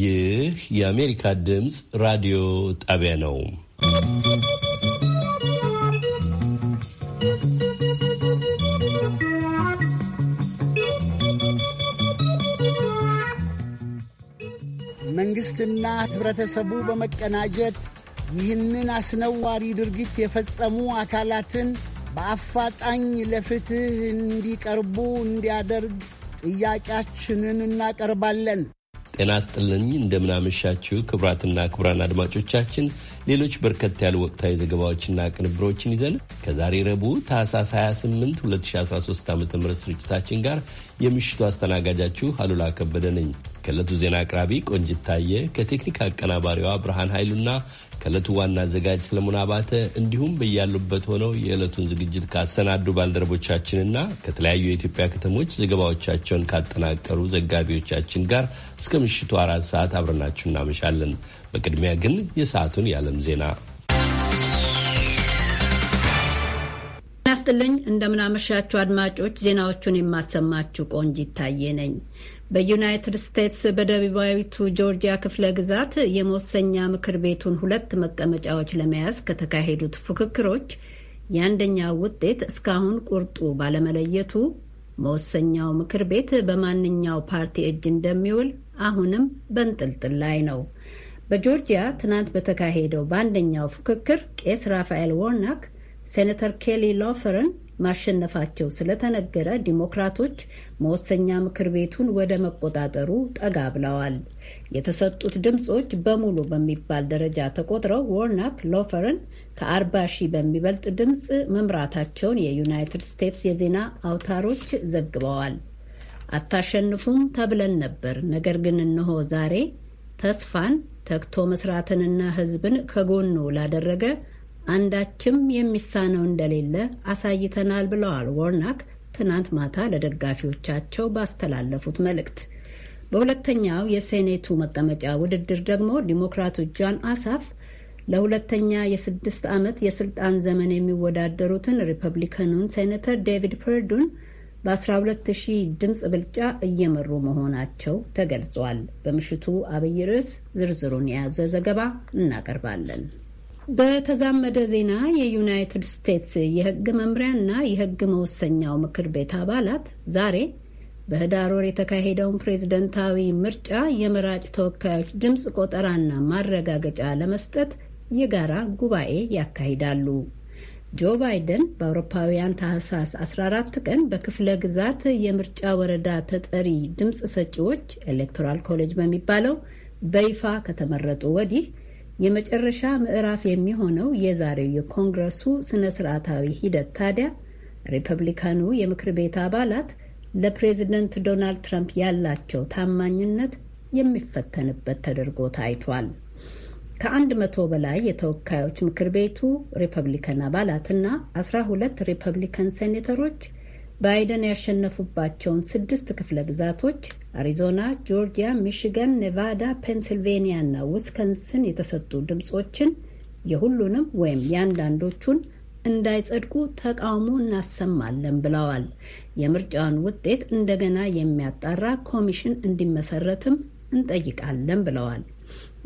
ይህ የአሜሪካ ድምፅ ራዲዮ ጣቢያ ነው። መንግሥትና ኅብረተሰቡ በመቀናጀት ይህንን አስነዋሪ ድርጊት የፈጸሙ አካላትን በአፋጣኝ ለፍትህ እንዲቀርቡ እንዲያደርግ ጥያቄያችንን እናቀርባለን። ጤና ስጥልኝ። እንደምናመሻችው ክቡራትና ክቡራን አድማጮቻችን ሌሎች በርከት ያሉ ወቅታዊ ዘገባዎችና ቅንብሮችን ይዘን ከዛሬ ረቡዕ ታህሳስ 28 2013 ዓ ም ስርጭታችን ጋር የምሽቱ አስተናጋጃችሁ አሉላ ከበደ ነኝ። ከእለቱ ዜና አቅራቢ ቆንጅት ታየ፣ ከቴክኒክ አቀናባሪዋ ብርሃን ኃይሉና ከእለቱ ዋና አዘጋጅ ሰለሞን አባተ እንዲሁም በያሉበት ሆነው የዕለቱን ዝግጅት ካሰናዱ ባልደረቦቻችንና ከተለያዩ የኢትዮጵያ ከተሞች ዘገባዎቻቸውን ካጠናቀሩ ዘጋቢዎቻችን ጋር እስከ ምሽቱ አራት ሰዓት አብረናችሁ እናመሻለን። በቅድሚያ ግን የሰዓቱን የዓለም ዜና ይስጥልኝ እንደምናመሻችሁ አድማጮች፣ ዜናዎቹን የማሰማችሁ ቆንጅ ይታየ ነኝ። በዩናይትድ ስቴትስ በደቡባዊቱ ጆርጂያ ክፍለ ግዛት የመወሰኛ ምክር ቤቱን ሁለት መቀመጫዎች ለመያዝ ከተካሄዱት ፉክክሮች የአንደኛው ውጤት እስካሁን ቁርጡ ባለመለየቱ መወሰኛው ምክር ቤት በማንኛው ፓርቲ እጅ እንደሚውል አሁንም በንጥልጥል ላይ ነው። በጆርጂያ ትናንት በተካሄደው በአንደኛው ፉክክር ቄስ ራፋኤል ዎርናክ ሴኔተር ኬሊ ሎፈርን ማሸነፋቸው ስለተነገረ ዲሞክራቶች መወሰኛ ምክር ቤቱን ወደ መቆጣጠሩ ጠጋ ብለዋል። የተሰጡት ድምፆች በሙሉ በሚባል ደረጃ ተቆጥረው ዎርናክ ሎፈርን ከአርባ ሺህ በሚበልጥ ድምፅ መምራታቸውን የዩናይትድ ስቴትስ የዜና አውታሮች ዘግበዋል። አታሸንፉም ተብለን ነበር። ነገር ግን እነሆ ዛሬ ተስፋን ተግቶ መስራትንና ሕዝብን ከጎኑ ላደረገ አንዳችም የሚሳነው እንደሌለ አሳይተናል ብለዋል ወርናክ ትናንት ማታ ለደጋፊዎቻቸው ባስተላለፉት መልእክት። በሁለተኛው የሴኔቱ መቀመጫ ውድድር ደግሞ ዲሞክራቱ ጃን አሳፍ ለሁለተኛ የስድስት ዓመት የስልጣን ዘመን የሚወዳደሩትን ሪፐብሊካኑን ሴኔተር ዴቪድ ፐርዱን በ12000 ድምፅ ብልጫ እየመሩ መሆናቸው ተገልጿል። በምሽቱ አብይ ርዕስ ዝርዝሩን የያዘ ዘገባ እናቀርባለን። በተዛመደ ዜና የዩናይትድ ስቴትስ የሕግ መምሪያና የሕግ መወሰኛው ምክር ቤት አባላት ዛሬ በህዳር ወር የተካሄደውን ፕሬዝደንታዊ ምርጫ የመራጭ ተወካዮች ድምፅ ቆጠራና ማረጋገጫ ለመስጠት የጋራ ጉባኤ ያካሂዳሉ። ጆ ባይደን በአውሮፓውያን ታህሳስ 14 ቀን በክፍለ ግዛት የምርጫ ወረዳ ተጠሪ ድምፅ ሰጪዎች ኤሌክቶራል ኮሌጅ በሚባለው በይፋ ከተመረጡ ወዲህ የመጨረሻ ምዕራፍ የሚሆነው የዛሬው የኮንግረሱ ስነ ስርዓታዊ ሂደት ታዲያ ሪፐብሊካኑ የምክር ቤት አባላት ለፕሬዝደንት ዶናልድ ትራምፕ ያላቸው ታማኝነት የሚፈተንበት ተደርጎ ታይቷል። ከአንድ መቶ በላይ የተወካዮች ምክር ቤቱ ሪፐብሊካን አባላትና አስራ ሁለት ሪፐብሊካን ሴኔተሮች ባይደን ያሸነፉባቸውን ስድስት ክፍለ ግዛቶች አሪዞና፣ ጆርጂያ፣ ሚሽገን፣ ኔቫዳ፣ ፔንስልቬኒያ እና ዊስከንስን የተሰጡ ድምጾችን የሁሉንም ወይም የአንዳንዶቹን እንዳይጸድቁ ተቃውሞ እናሰማለን ብለዋል። የምርጫውን ውጤት እንደገና የሚያጣራ ኮሚሽን እንዲመሰረትም እንጠይቃለን ብለዋል።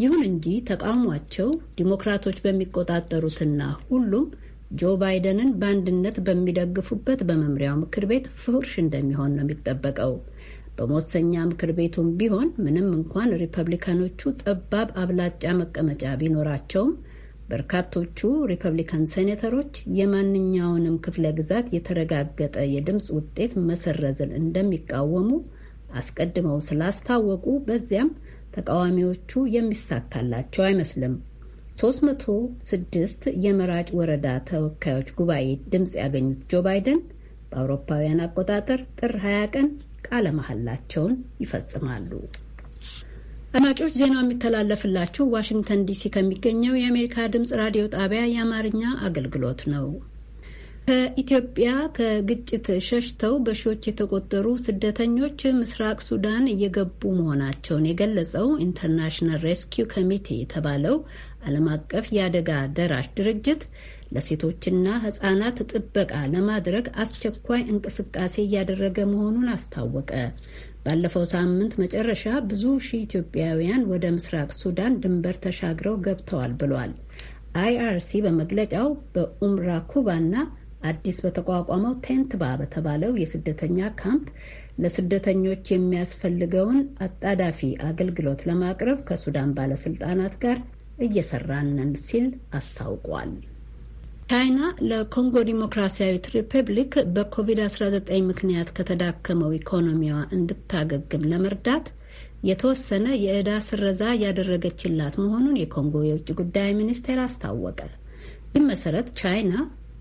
ይሁን እንጂ ተቃውሟቸው ዲሞክራቶች በሚቆጣጠሩትና ሁሉም ጆ ባይደንን በአንድነት በሚደግፉበት በመምሪያው ምክር ቤት ፍርሽ እንደሚሆን ነው የሚጠበቀው። በመወሰኛ ምክር ቤቱም ቢሆን ምንም እንኳን ሪፐብሊካኖቹ ጠባብ አብላጫ መቀመጫ ቢኖራቸውም በርካቶቹ ሪፐብሊካን ሴኔተሮች የማንኛውንም ክፍለ ግዛት የተረጋገጠ የድምፅ ውጤት መሰረዝን እንደሚቃወሙ አስቀድመው ስላስታወቁ በዚያም ተቃዋሚዎቹ የሚሳካላቸው አይመስልም። 306 የመራጭ ወረዳ ተወካዮች ጉባኤ ድምፅ ያገኙት ጆ ባይደን በአውሮፓውያን አቆጣጠር ጥር 20 ቀን ቃለ መሐላቸውን ይፈጽማሉ። አድማጮች ዜናው የሚተላለፍላችሁ ዋሽንግተን ዲሲ ከሚገኘው የአሜሪካ ድምፅ ራዲዮ ጣቢያ የአማርኛ አገልግሎት ነው። ከኢትዮጵያ ከግጭት ሸሽተው በሺዎች የተቆጠሩ ስደተኞች ምስራቅ ሱዳን እየገቡ መሆናቸውን የገለጸው ኢንተርናሽናል ሬስኪው ኮሚቴ የተባለው ዓለም አቀፍ የአደጋ ደራሽ ድርጅት ለሴቶችና ህጻናት ጥበቃ ለማድረግ አስቸኳይ እንቅስቃሴ እያደረገ መሆኑን አስታወቀ። ባለፈው ሳምንት መጨረሻ ብዙ ሺህ ኢትዮጵያውያን ወደ ምስራቅ ሱዳን ድንበር ተሻግረው ገብተዋል ብሏል። አይአርሲ በመግለጫው በኡምራ ኩባና አዲስ በተቋቋመው ቴንትባ በተባለው የስደተኛ ካምፕ ለስደተኞች የሚያስፈልገውን አጣዳፊ አገልግሎት ለማቅረብ ከሱዳን ባለስልጣናት ጋር እየሰራንን ሲል አስታውቋል። ቻይና ለኮንጎ ዲሞክራሲያዊት ሪፐብሊክ በኮቪድ-19 ምክንያት ከተዳከመው ኢኮኖሚዋ እንድታገግም ለመርዳት የተወሰነ የዕዳ ስረዛ ያደረገችላት መሆኑን የኮንጎ የውጭ ጉዳይ ሚኒስቴር አስታወቀ። ይህ መሰረት ቻይና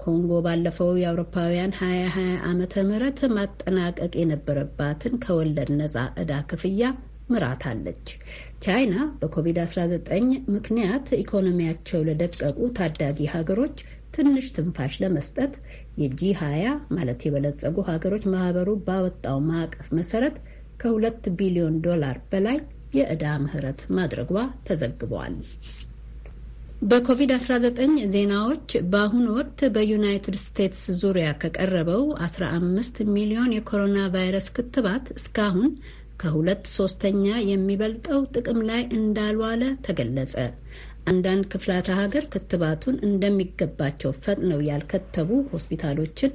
ኮንጎ ባለፈው የአውሮፓውያን 2020 ዓመተ ም ማጠናቀቅ የነበረባትን ከወለድ ነጻ ዕዳ ክፍያ ምራታለች። ቻይና በኮቪድ-19 ምክንያት ኢኮኖሚያቸው ለደቀቁ ታዳጊ ሀገሮች ትንሽ ትንፋሽ ለመስጠት የጂ 20 ማለት የበለጸጉ ሀገሮች ማህበሩ ባወጣው ማዕቀፍ መሰረት ከሁለት ቢሊዮን ዶላር በላይ የዕዳ ምህረት ማድረጓ ተዘግቧል። በኮቪድ-19 ዜናዎች በአሁኑ ወቅት በዩናይትድ ስቴትስ ዙሪያ ከቀረበው 15 ሚሊዮን የኮሮና ቫይረስ ክትባት እስካሁን ከሁለት ሶስተኛ የሚበልጠው ጥቅም ላይ እንዳልዋለ ተገለጸ። አንዳንድ ክፍላተ ሀገር ክትባቱን እንደሚገባቸው ፈጥነው ያልከተቡ ሆስፒታሎችን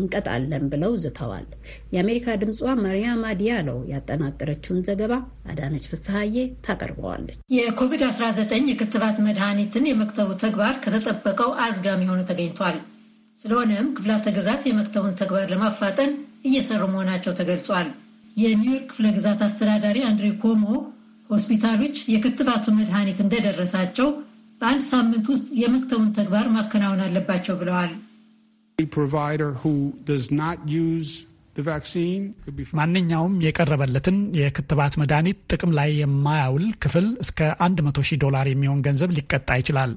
እንቀጣለን ብለው ዝተዋል። የአሜሪካ ድምጿ ማርያማ ዲያሎ ያጠናቀረችውን ዘገባ አዳነች ፍስሐዬ ታቀርበዋለች። የኮቪድ-19 የክትባት መድኃኒትን የመክተቡ ተግባር ከተጠበቀው አዝጋሚ ሆኖ ተገኝቷል። ስለሆነም ክፍላተ ግዛት የመክተቡን ተግባር ለማፋጠን እየሰሩ መሆናቸው ተገልጿል። የኒውዮርክ ክፍለ ግዛት አስተዳዳሪ አንድሬ ኮሞ ሆስፒታሎች የክትባቱ መድኃኒት እንደደረሳቸው በአንድ ሳምንት ውስጥ የመክተቡን ተግባር ማከናወን አለባቸው ብለዋል። ማንኛውም የቀረበለትን የክትባት መድኃኒት ጥቅም ላይ የማያውል ክፍል እስከ 1000 ዶላር የሚሆን ገንዘብ ሊቀጣ ይችላል።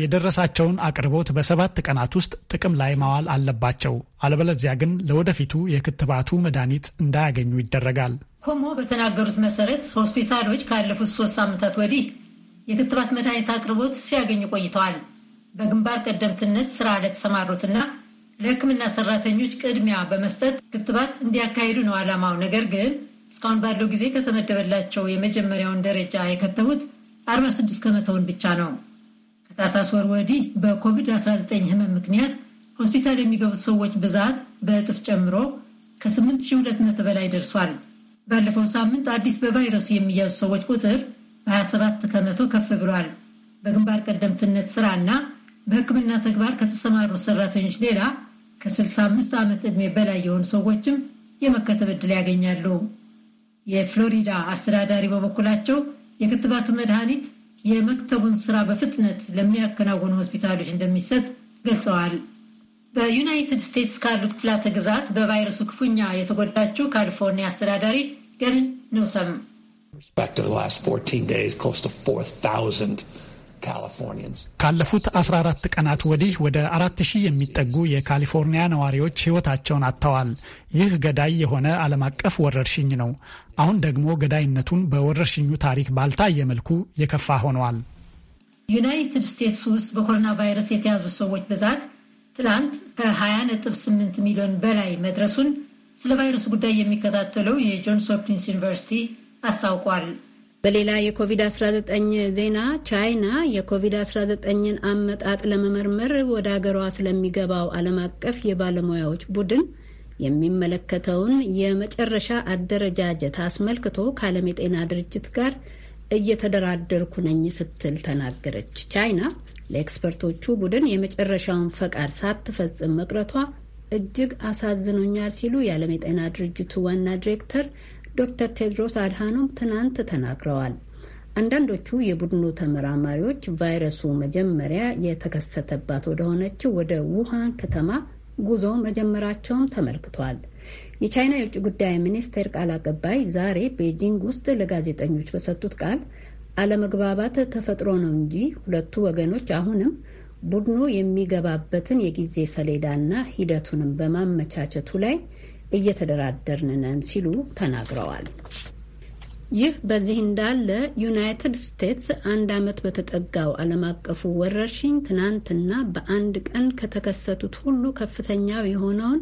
የደረሳቸውን አቅርቦት በሰባት ቀናት ውስጥ ጥቅም ላይ ማዋል አለባቸው። አለበለዚያ ግን ለወደፊቱ የክትባቱ መድኃኒት እንዳያገኙ ይደረጋል። ኮሞ በተናገሩት መሰረት ሆስፒታሎች ካለፉት ሶስት ዓመታት ወዲህ የክትባት መድኃኒት አቅርቦት ሲያገኙ ቆይተዋል። በግንባር ቀደምትነት ስራ ለተሰማሩትና ለሕክምና ሰራተኞች ቅድሚያ በመስጠት ክትባት እንዲያካሂዱ ነው ዓላማው። ነገር ግን እስካሁን ባለው ጊዜ ከተመደበላቸው የመጀመሪያውን ደረጃ የከተቡት 46 ከመቶውን ብቻ ነው። ከታህሳስ ወር ወዲህ በኮቪድ-19 ህመም ምክንያት ሆስፒታል የሚገቡት ሰዎች ብዛት በእጥፍ ጨምሮ ከ8200 በላይ ደርሷል። ባለፈው ሳምንት አዲስ በቫይረሱ የሚያዙ ሰዎች ቁጥር በ27 ከመቶ ከፍ ብሏል። በግንባር ቀደምትነት ስራና በህክምና ተግባር ከተሰማሩ ሰራተኞች ሌላ ከ65 ዓመት ዕድሜ በላይ የሆኑ ሰዎችም የመከተብ ዕድል ያገኛሉ። የፍሎሪዳ አስተዳዳሪ በበኩላቸው የክትባቱ መድኃኒት የመክተቡን ስራ በፍጥነት ለሚያከናውኑ ሆስፒታሎች እንደሚሰጥ ገልጸዋል። በዩናይትድ ስቴትስ ካሉት ክፍላተ ግዛት በቫይረሱ ክፉኛ የተጎዳችው ካሊፎርኒያ አስተዳዳሪ ገቢን ነውሰም ካለፉት 14 ቀናት ወዲህ ወደ 4000 የሚጠጉ የካሊፎርኒያ ነዋሪዎች ሕይወታቸውን አጥተዋል። ይህ ገዳይ የሆነ ዓለም አቀፍ ወረርሽኝ ነው። አሁን ደግሞ ገዳይነቱን በወረርሽኙ ታሪክ ባልታየ መልኩ የከፋ ሆኗል። ዩናይትድ ስቴትስ ውስጥ በኮሮና ቫይረስ የተያዙ ሰዎች ብዛት ትላንት ከ20.8 ሚሊዮን በላይ መድረሱን ስለ ቫይረሱ ጉዳይ የሚከታተለው የጆንስ ሆፕኪንስ ዩኒቨርሲቲ አስታውቋል። በሌላ የኮቪድ-19 ዜና ቻይና የኮቪድ-19ን አመጣጥ ለመመርመር ወደ አገሯ ስለሚገባው ዓለም አቀፍ የባለሙያዎች ቡድን የሚመለከተውን የመጨረሻ አደረጃጀት አስመልክቶ ከዓለም የጤና ድርጅት ጋር እየተደራደርኩ ነኝ ስትል ተናገረች። ቻይና ለኤክስፐርቶቹ ቡድን የመጨረሻውን ፈቃድ ሳትፈጽም መቅረቷ እጅግ አሳዝኖኛል ሲሉ የዓለም የጤና ድርጅቱ ዋና ዲሬክተር ዶክተር ቴድሮስ አድሃኖም ትናንት ተናግረዋል። አንዳንዶቹ የቡድኑ ተመራማሪዎች ቫይረሱ መጀመሪያ የተከሰተባት ወደሆነችው ወደ ውሃን ከተማ ጉዞ መጀመራቸውም ተመልክቷል። የቻይና የውጭ ጉዳይ ሚኒስቴር ቃል አቀባይ ዛሬ ቤጂንግ ውስጥ ለጋዜጠኞች በሰጡት ቃል አለመግባባት ተፈጥሮ ነው እንጂ ሁለቱ ወገኖች አሁንም ቡድኑ የሚገባበትን የጊዜ ሰሌዳና ሂደቱንም በማመቻቸቱ ላይ እየተደራደርን ነን ሲሉ ተናግረዋል። ይህ በዚህ እንዳለ ዩናይትድ ስቴትስ አንድ ዓመት በተጠጋው ዓለም አቀፉ ወረርሽኝ ትናንትና በአንድ ቀን ከተከሰቱት ሁሉ ከፍተኛው የሆነውን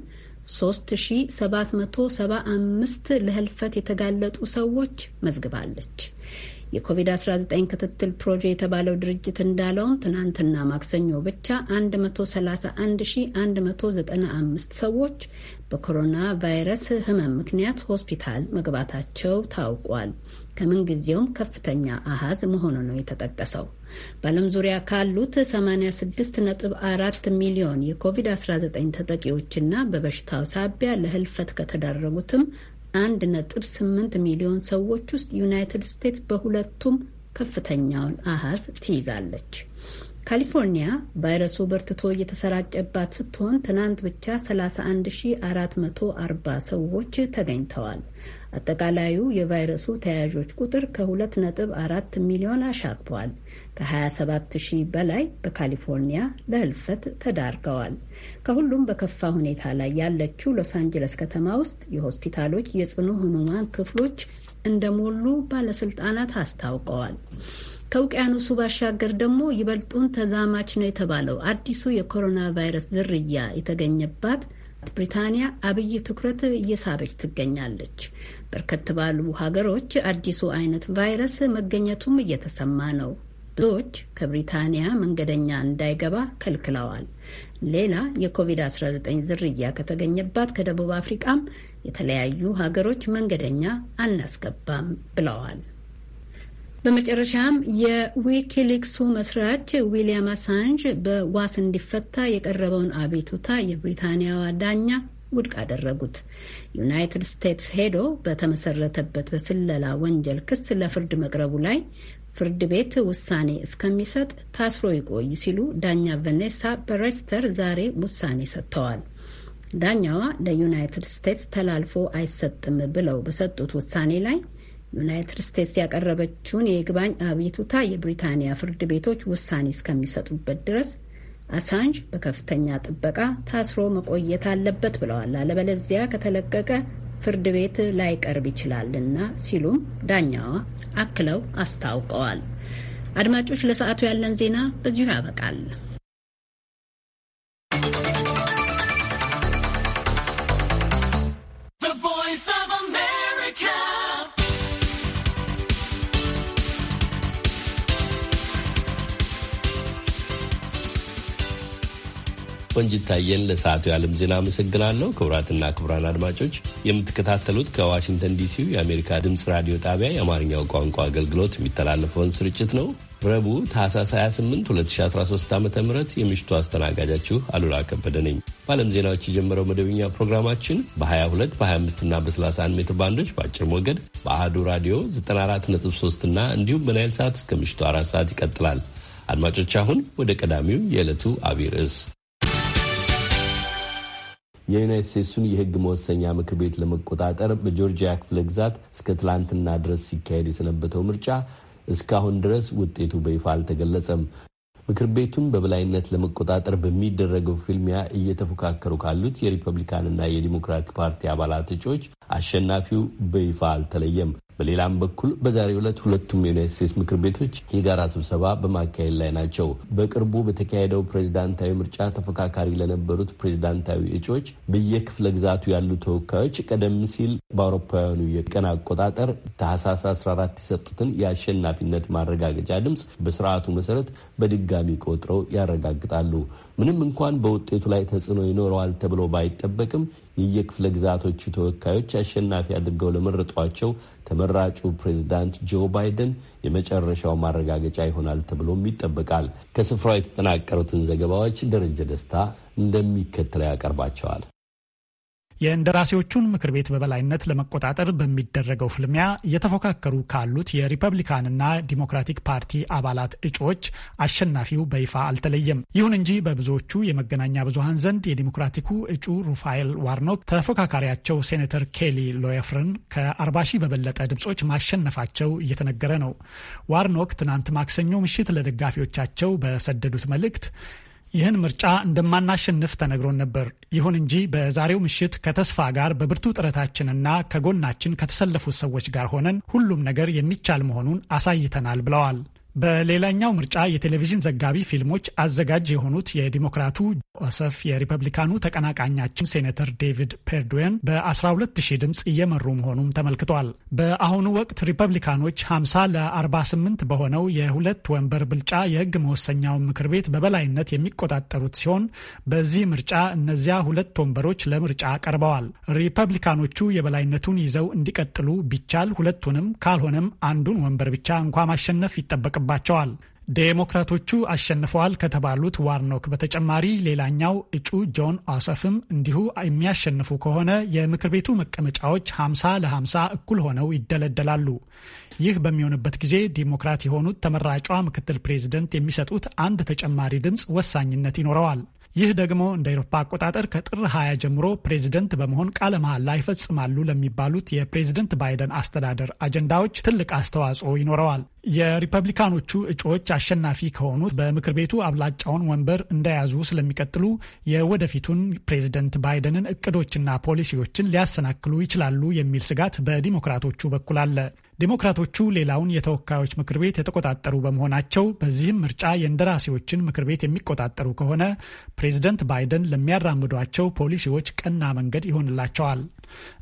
3775 ለህልፈት የተጋለጡ ሰዎች መዝግባለች። የኮቪድ-19 ክትትል ፕሮጀ የተባለው ድርጅት እንዳለው ትናንትና ማክሰኞ ብቻ 131195 ሰዎች በኮሮና ቫይረስ ሕመም ምክንያት ሆስፒታል መግባታቸው ታውቋል። ከምንጊዜውም ከፍተኛ አሃዝ መሆኑ ነው የተጠቀሰው። በዓለም ዙሪያ ካሉት 86.4 ሚሊዮን የኮቪድ-19 ተጠቂዎችና በበሽታው ሳቢያ ለህልፈት ከተዳረጉትም አንድ ነጥብ ስምንት ሚሊዮን ሰዎች ውስጥ ዩናይትድ ስቴትስ በሁለቱም ከፍተኛውን አሃዝ ትይዛለች። ካሊፎርኒያ ቫይረሱ በርትቶ እየተሰራጨባት ስትሆን ትናንት ብቻ 31440 ሰዎች ተገኝተዋል። አጠቃላዩ የቫይረሱ ተያያዦች ቁጥር ከ2.4 ሚሊዮን አሻግቧል። ከ27 ሺህ በላይ በካሊፎርኒያ ለህልፈት ተዳርገዋል። ከሁሉም በከፋ ሁኔታ ላይ ያለችው ሎስ አንጀለስ ከተማ ውስጥ የሆስፒታሎች የጽኑ ህሙማን ክፍሎች እንደሞሉ ባለስልጣናት አስታውቀዋል። ከውቅያኖሱ ባሻገር ደግሞ ይበልጡን ተዛማች ነው የተባለው አዲሱ የኮሮና ቫይረስ ዝርያ የተገኘባት ብሪታንያ አብይ ትኩረት እየሳበች ትገኛለች። በርከት ባሉ ሀገሮች አዲሱ አይነት ቫይረስ መገኘቱም እየተሰማ ነው። ብዙዎች ከብሪታንያ መንገደኛ እንዳይገባ ከልክለዋል። ሌላ የኮቪድ-19 ዝርያ ከተገኘባት ከደቡብ አፍሪቃም የተለያዩ ሀገሮች መንገደኛ አናስገባም ብለዋል። በመጨረሻም የዊኪሊክሱ መስራች ዊሊያም አሳንጅ በዋስ እንዲፈታ የቀረበውን አቤቱታ የብሪታንያዋ ዳኛ ውድቅ አደረጉት። ዩናይትድ ስቴትስ ሄዶ በተመሰረተበት በስለላ ወንጀል ክስ ለፍርድ መቅረቡ ላይ ፍርድ ቤት ውሳኔ እስከሚሰጥ ታስሮ ይቆይ ሲሉ ዳኛ ቨኔሳ በሬስተር ዛሬ ውሳኔ ሰጥተዋል። ዳኛዋ ለዩናይትድ ስቴትስ ተላልፎ አይሰጥም ብለው በሰጡት ውሳኔ ላይ ዩናይትድ ስቴትስ ያቀረበችውን የይግባኝ አቤቱታ የብሪታንያ ፍርድ ቤቶች ውሳኔ እስከሚሰጡበት ድረስ አሳንጅ በከፍተኛ ጥበቃ ታስሮ መቆየት አለበት ብለዋል። አለበለዚያ ከተለቀቀ ፍርድ ቤት ላይቀርብ ይችላልና ሲሉም ዳኛዋ አክለው አስታውቀዋል። አድማጮች፣ ለሰዓቱ ያለን ዜና በዚሁ ያበቃል። ቆንጅታየን ለሰዓቱ የዓለም ዜና አመሰግናለሁ። ክቡራትና ክቡራን አድማጮች የምትከታተሉት ከዋሽንግተን ዲሲው የአሜሪካ ድምፅ ራዲዮ ጣቢያ የአማርኛው ቋንቋ አገልግሎት የሚተላለፈውን ስርጭት ነው። ረቡዕ ታህሳስ 28 2013 ዓ ም የምሽቱ አስተናጋጃችሁ አሉላ ከበደ ነኝ። በዓለም ዜናዎች የጀመረው መደበኛ ፕሮግራማችን በ22 በ25 እና በ31 ሜትር ባንዶች በአጭር ሞገድ በአህዱ ራዲዮ 943 እና እንዲሁም በናይል ሰዓት እስከ ምሽቱ አራት ሰዓት ይቀጥላል። አድማጮች አሁን ወደ ቀዳሚው የዕለቱ አቢይ ርዕስ የዩናይት ስቴትሱን የህግ መወሰኛ ምክር ቤት ለመቆጣጠር በጆርጂያ ክፍለ ግዛት እስከ ትላንትና ድረስ ሲካሄድ የሰነበተው ምርጫ እስካሁን ድረስ ውጤቱ በይፋ አልተገለጸም። ምክር ቤቱን በበላይነት ለመቆጣጠር በሚደረገው ፊልሚያ እየተፎካከሩ ካሉት የሪፐብሊካንና የዲሞክራቲክ ፓርቲ አባላት እጩዎች አሸናፊው በይፋ አልተለየም። በሌላም በኩል በዛሬው ዕለት ሁለቱም የዩናይት ስቴትስ ምክር ቤቶች የጋራ ስብሰባ በማካሄድ ላይ ናቸው። በቅርቡ በተካሄደው ፕሬዚዳንታዊ ምርጫ ተፎካካሪ ለነበሩት ፕሬዚዳንታዊ እጩዎች በየክፍለ ግዛቱ ያሉ ተወካዮች ቀደም ሲል በአውሮፓውያኑ የቀን አቆጣጠር ታህሳስ 14 የሰጡትን የአሸናፊነት ማረጋገጫ ድምፅ በስርዓቱ መሰረት በድጋሚ ቆጥረው ያረጋግጣሉ። ምንም እንኳን በውጤቱ ላይ ተጽዕኖ ይኖረዋል ተብሎ ባይጠበቅም የየክፍለ ግዛቶቹ ተወካዮች አሸናፊ አድርገው ለመረጧቸው ተመራጩ ፕሬዚዳንት ጆ ባይደን የመጨረሻው ማረጋገጫ ይሆናል ተብሎም ይጠበቃል። ከስፍራው የተጠናቀሩትን ዘገባዎች ደረጀ ደስታ እንደሚከተለው ያቀርባቸዋል። የእንደራሴዎቹን ምክር ቤት በበላይነት ለመቆጣጠር በሚደረገው ፍልሚያ እየተፎካከሩ ካሉት የሪፐብሊካንና ዲሞክራቲክ ፓርቲ አባላት እጩዎች አሸናፊው በይፋ አልተለየም። ይሁን እንጂ በብዙዎቹ የመገናኛ ብዙሃን ዘንድ የዲሞክራቲኩ እጩ ሩፋኤል ዋርኖክ ተፎካካሪያቸው ሴኔተር ኬሊ ሎየፍርን ከ40 ሺህ በበለጠ ድምጾች ማሸነፋቸው እየተነገረ ነው። ዋርኖክ ትናንት ማክሰኞ ምሽት ለደጋፊዎቻቸው በሰደዱት መልእክት ይህን ምርጫ እንደማናሸንፍ ተነግሮን ነበር። ይሁን እንጂ በዛሬው ምሽት ከተስፋ ጋር በብርቱ ጥረታችንና ከጎናችን ከተሰለፉት ሰዎች ጋር ሆነን ሁሉም ነገር የሚቻል መሆኑን አሳይተናል ብለዋል። በሌላኛው ምርጫ የቴሌቪዥን ዘጋቢ ፊልሞች አዘጋጅ የሆኑት የዲሞክራቱ ጆሰፍ የሪፐብሊካኑ ተቀናቃኛችን ሴኔተር ዴቪድ ፔርዶዌን በ120 ድምፅ እየመሩ መሆኑም ተመልክቷል። በአሁኑ ወቅት ሪፐብሊካኖች 50 ለ48 በሆነው የሁለት ወንበር ብልጫ የህግ መወሰኛውን ምክር ቤት በበላይነት የሚቆጣጠሩት ሲሆን በዚህ ምርጫ እነዚያ ሁለት ወንበሮች ለምርጫ ቀርበዋል። ሪፐብሊካኖቹ የበላይነቱን ይዘው እንዲቀጥሉ ቢቻል ሁለቱንም ካልሆነም አንዱን ወንበር ብቻ እንኳ ማሸነፍ ይጠበቅባል ይጠበቅባቸዋል። ዴሞክራቶቹ አሸንፈዋል ከተባሉት ዋርኖክ በተጨማሪ ሌላኛው እጩ ጆን አሰፍም እንዲሁ የሚያሸንፉ ከሆነ የምክር ቤቱ መቀመጫዎች 50 ለ50 እኩል ሆነው ይደለደላሉ። ይህ በሚሆንበት ጊዜ ዲሞክራት የሆኑት ተመራጯ ምክትል ፕሬዝደንት የሚሰጡት አንድ ተጨማሪ ድምፅ ወሳኝነት ይኖረዋል። ይህ ደግሞ እንደ ኤሮፓ አቆጣጠር ከጥር 20 ጀምሮ ፕሬዝደንት በመሆን ቃለ መሐላ ይፈጽማሉ ለሚባሉት የፕሬዝደንት ባይደን አስተዳደር አጀንዳዎች ትልቅ አስተዋጽኦ ይኖረዋል። የሪፐብሊካኖቹ እጩዎች አሸናፊ ከሆኑት በምክር ቤቱ አብላጫውን ወንበር እንደያዙ ስለሚቀጥሉ የወደፊቱን ፕሬዝደንት ባይደንን እቅዶችና ፖሊሲዎችን ሊያሰናክሉ ይችላሉ የሚል ስጋት በዲሞክራቶቹ በኩል አለ። ዴሞክራቶቹ ሌላውን የተወካዮች ምክር ቤት የተቆጣጠሩ በመሆናቸው በዚህም ምርጫ የእንደራሴዎችን ምክር ቤት የሚቆጣጠሩ ከሆነ ፕሬዝደንት ባይደን ለሚያራምዷቸው ፖሊሲዎች ቀና መንገድ ይሆንላቸዋል።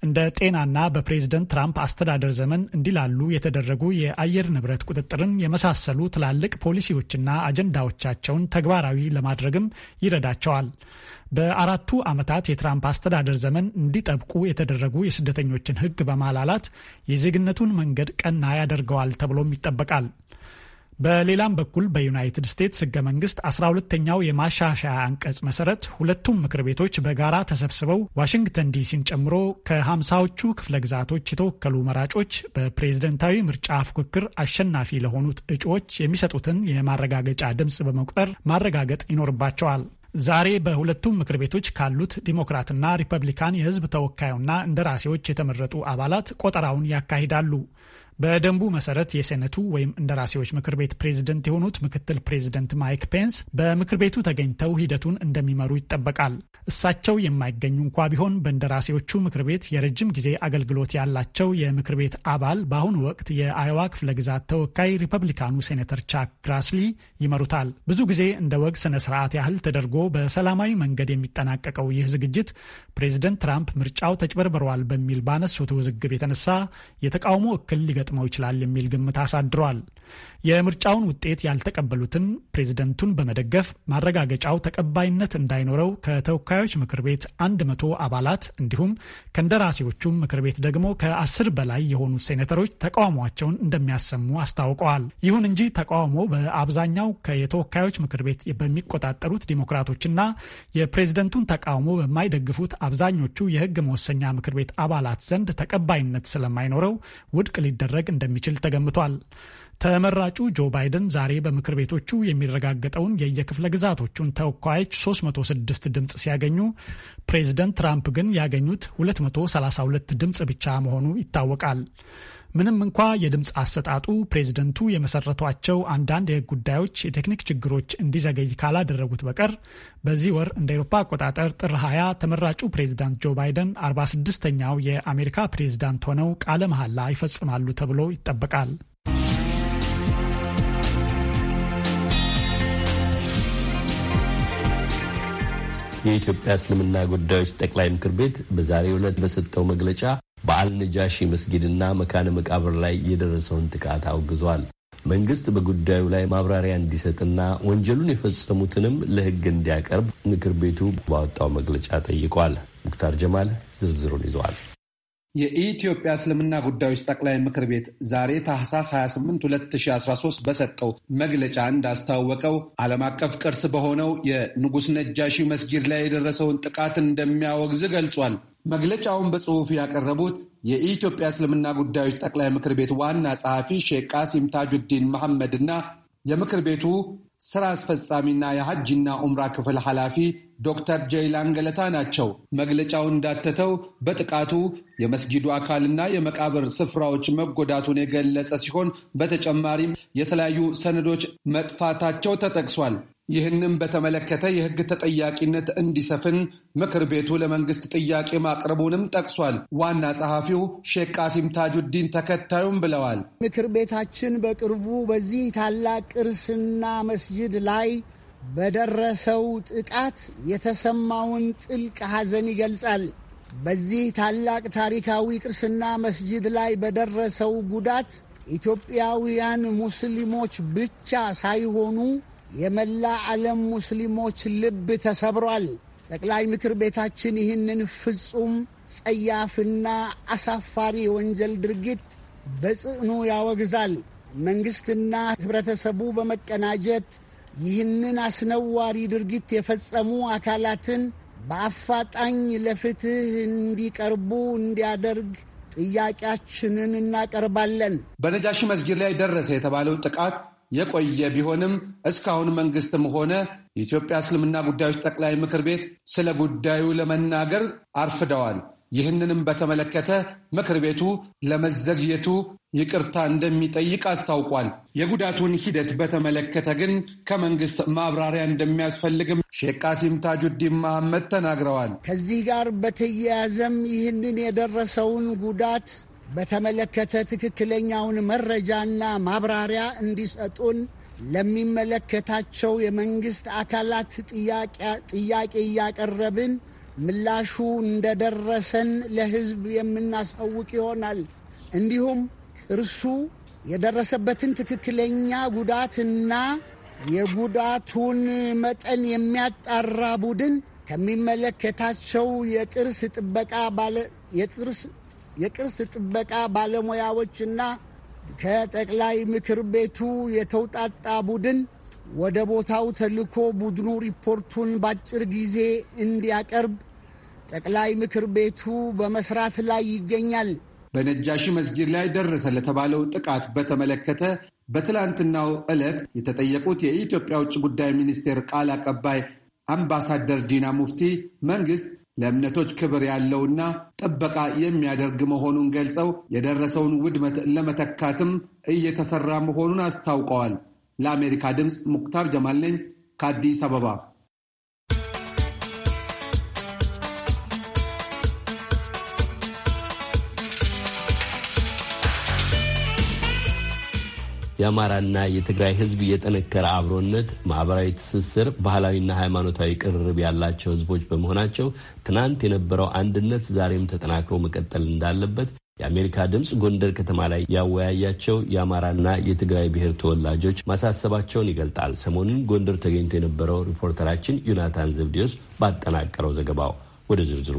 እንደ ጤናና በፕሬዝደንት ትራምፕ አስተዳደር ዘመን እንዲላሉ የተደረጉ የአየር ንብረት ቁጥጥርን የመሳሰሉ ትላልቅ ፖሊሲዎችና አጀንዳዎቻቸውን ተግባራዊ ለማድረግም ይረዳቸዋል። በአራቱ ዓመታት የትራምፕ አስተዳደር ዘመን እንዲጠብቁ የተደረጉ የስደተኞችን ሕግ በማላላት የዜግነቱን መንገድ ቀና ያደርገዋል ተብሎም ይጠበቃል። በሌላም በኩል በዩናይትድ ስቴትስ ሕገ መንግስት 12ተኛው የማሻሻያ አንቀጽ መሰረት ሁለቱም ምክር ቤቶች በጋራ ተሰብስበው ዋሽንግተን ዲሲን ጨምሮ ከ ከ50ዎቹ ክፍለ ግዛቶች የተወከሉ መራጮች በፕሬዝደንታዊ ምርጫ ፉክክር አሸናፊ ለሆኑት እጩዎች የሚሰጡትን የማረጋገጫ ድምፅ በመቁጠር ማረጋገጥ ይኖርባቸዋል። ዛሬ በሁለቱም ምክር ቤቶች ካሉት ዲሞክራትና ሪፐብሊካን የህዝብ ተወካዩና እንደራሴዎች የተመረጡ አባላት ቆጠራውን ያካሂዳሉ። በደንቡ መሰረት የሴኔቱ ወይም እንደራሴዎች ምክር ቤት ፕሬዝደንት የሆኑት ምክትል ፕሬዝደንት ማይክ ፔንስ በምክር ቤቱ ተገኝተው ሂደቱን እንደሚመሩ ይጠበቃል። እሳቸው የማይገኙ እንኳ ቢሆን በእንደራሴዎቹ ምክር ቤት የረጅም ጊዜ አገልግሎት ያላቸው የምክር ቤት አባል በአሁኑ ወቅት የአይዋ ክፍለ ግዛት ተወካይ ሪፐብሊካኑ ሴኔተር ቻክ ግራስሊ ይመሩታል። ብዙ ጊዜ እንደ ወግ ስነ ስርዓት ያህል ተደርጎ በሰላማዊ መንገድ የሚጠናቀቀው ይህ ዝግጅት ፕሬዝደንት ትራምፕ ምርጫው ተጭበርበረዋል በሚል ባነሱት ውዝግብ የተነሳ የተቃውሞ እክል ሊገ ሊገጥመው ይችላል የሚል ግምት አሳድሯል። የምርጫውን ውጤት ያልተቀበሉትን ፕሬዝደንቱን በመደገፍ ማረጋገጫው ተቀባይነት እንዳይኖረው ከተወካዮች ምክር ቤት አንድ መቶ አባላት እንዲሁም ከእንደራሴዎቹም ምክር ቤት ደግሞ ከአስር በላይ የሆኑ ሴኔተሮች ተቃውሟቸውን እንደሚያሰሙ አስታውቀዋል። ይሁን እንጂ ተቃውሞ በአብዛኛው የተወካዮች ምክር ቤት በሚቆጣጠሩት ዲሞክራቶችና የፕሬዝደንቱን ተቃውሞ በማይደግፉት አብዛኞቹ የህግ መወሰኛ ምክር ቤት አባላት ዘንድ ተቀባይነት ስለማይኖረው ውድቅ ሊደረግ ሊደረግ እንደሚችል ተገምቷል። ተመራጩ ጆ ባይደን ዛሬ በምክር ቤቶቹ የሚረጋገጠውን የየክፍለ ግዛቶቹን ተወካዮች 306 ድምፅ ሲያገኙ ፕሬዝደንት ትራምፕ ግን ያገኙት 232 ድምፅ ብቻ መሆኑ ይታወቃል። ምንም እንኳ የድምፅ አሰጣጡ ፕሬዝደንቱ የመሰረቷቸው አንዳንድ የህግ ጉዳዮች የቴክኒክ ችግሮች እንዲዘገይ ካላደረጉት በቀር በዚህ ወር እንደ ኤሮፓ አቆጣጠር ጥር 20 ተመራጩ ፕሬዝዳንት ጆ ባይደን 46ኛው የአሜሪካ ፕሬዝዳንት ሆነው ቃለ መሐላ ይፈጽማሉ ተብሎ ይጠበቃል። የኢትዮጵያ እስልምና ጉዳዮች ጠቅላይ ምክር ቤት በዛሬው ዕለት በሰጠው መግለጫ በአልነጃሺ ነጃሺ መስጊድና መካነ መቃብር ላይ የደረሰውን ጥቃት አውግዟል። መንግስት በጉዳዩ ላይ ማብራሪያ እንዲሰጥና ወንጀሉን የፈጸሙትንም ለሕግ እንዲያቀርብ ምክር ቤቱ ባወጣው መግለጫ ጠይቋል። ሙክታር ጀማል ዝርዝሩን ይዘዋል። የኢትዮጵያ እስልምና ጉዳዮች ጠቅላይ ምክር ቤት ዛሬ ታህሳስ 28 2013 በሰጠው መግለጫ እንዳስታወቀው ዓለም አቀፍ ቅርስ በሆነው የንጉሥ ነጃሺ መስጊድ ላይ የደረሰውን ጥቃት እንደሚያወግዝ ገልጿል። መግለጫውን በጽሑፍ ያቀረቡት የኢትዮጵያ እስልምና ጉዳዮች ጠቅላይ ምክር ቤት ዋና ጸሐፊ ሼክ ቃሲም ታጁዲን መሐመድ ና የምክር ቤቱ ስራ አስፈጻሚና የሐጅና ኡምራ ክፍል ኃላፊ ዶክተር ጀይላን ገለታ ናቸው። መግለጫው እንዳተተው በጥቃቱ የመስጊዱ አካልና የመቃብር ስፍራዎች መጎዳቱን የገለጸ ሲሆን በተጨማሪም የተለያዩ ሰነዶች መጥፋታቸው ተጠቅሷል። ይህንም በተመለከተ የሕግ ተጠያቂነት እንዲሰፍን ምክር ቤቱ ለመንግስት ጥያቄ ማቅረቡንም ጠቅሷል። ዋና ጸሐፊው ሼክ ቃሲም ታጁዲን ተከታዩም ብለዋል። ምክር ቤታችን በቅርቡ በዚህ ታላቅ ቅርስና መስጅድ ላይ በደረሰው ጥቃት የተሰማውን ጥልቅ ሐዘን ይገልጻል። በዚህ ታላቅ ታሪካዊ ቅርስና መስጅድ ላይ በደረሰው ጉዳት ኢትዮጵያውያን ሙስሊሞች ብቻ ሳይሆኑ የመላ ዓለም ሙስሊሞች ልብ ተሰብሯል። ጠቅላይ ምክር ቤታችን ይህንን ፍጹም ጸያፍና አሳፋሪ የወንጀል ድርጊት በጽዕኑ ያወግዛል። መንግሥትና ኅብረተሰቡ በመቀናጀት ይህንን አስነዋሪ ድርጊት የፈጸሙ አካላትን በአፋጣኝ ለፍትህ እንዲቀርቡ እንዲያደርግ ጥያቄያችንን እናቀርባለን። በነጃሺ መስጊድ ላይ ደረሰ የተባለው ጥቃት የቆየ ቢሆንም እስካሁን መንግስትም ሆነ የኢትዮጵያ እስልምና ጉዳዮች ጠቅላይ ምክር ቤት ስለ ጉዳዩ ለመናገር አርፍደዋል። ይህንንም በተመለከተ ምክር ቤቱ ለመዘግየቱ ይቅርታ እንደሚጠይቅ አስታውቋል። የጉዳቱን ሂደት በተመለከተ ግን ከመንግስት ማብራሪያ እንደሚያስፈልግም ሼክ ቃሲም ታጁዲን መሐመድ ተናግረዋል። ከዚህ ጋር በተያያዘም ይህንን የደረሰውን ጉዳት በተመለከተ ትክክለኛውን መረጃና ማብራሪያ እንዲሰጡን ለሚመለከታቸው የመንግስት አካላት ጥያቄ እያቀረብን ምላሹ እንደደረሰን ለሕዝብ የምናሳውቅ ይሆናል። እንዲሁም እርሱ የደረሰበትን ትክክለኛ ጉዳትና የጉዳቱን መጠን የሚያጣራ ቡድን ከሚመለከታቸው የቅርስ ጥበቃ የቅርስ የቅርስ ጥበቃ ባለሙያዎችና ከጠቅላይ ምክር ቤቱ የተውጣጣ ቡድን ወደ ቦታው ተልኮ ቡድኑ ሪፖርቱን በአጭር ጊዜ እንዲያቀርብ ጠቅላይ ምክር ቤቱ በመስራት ላይ ይገኛል። በነጃሺ መስጊድ ላይ ደረሰ ለተባለው ጥቃት በተመለከተ በትላንትናው ዕለት የተጠየቁት የኢትዮጵያ ውጭ ጉዳይ ሚኒስቴር ቃል አቀባይ አምባሳደር ዲና ሙፍቲ መንግስት ለእምነቶች ክብር ያለውና ጥበቃ የሚያደርግ መሆኑን ገልጸው የደረሰውን ውድመት ለመተካትም እየተሰራ መሆኑን አስታውቀዋል። ለአሜሪካ ድምፅ ሙክታር ጀማል ነኝ ከአዲስ አበባ። የአማራና የትግራይ ህዝብ የጠነከረ አብሮነት፣ ማህበራዊ ትስስር፣ ባህላዊና ሃይማኖታዊ ቅርርብ ያላቸው ህዝቦች በመሆናቸው ትናንት የነበረው አንድነት ዛሬም ተጠናክሮ መቀጠል እንዳለበት የአሜሪካ ድምፅ ጎንደር ከተማ ላይ ያወያያቸው የአማራና የትግራይ ብሔር ተወላጆች ማሳሰባቸውን ይገልጣል። ሰሞኑን ጎንደር ተገኝቶ የነበረው ሪፖርተራችን ዮናታን ዘብዲዮስ ባጠናቀረው ዘገባው ወደ ዝርዝሩ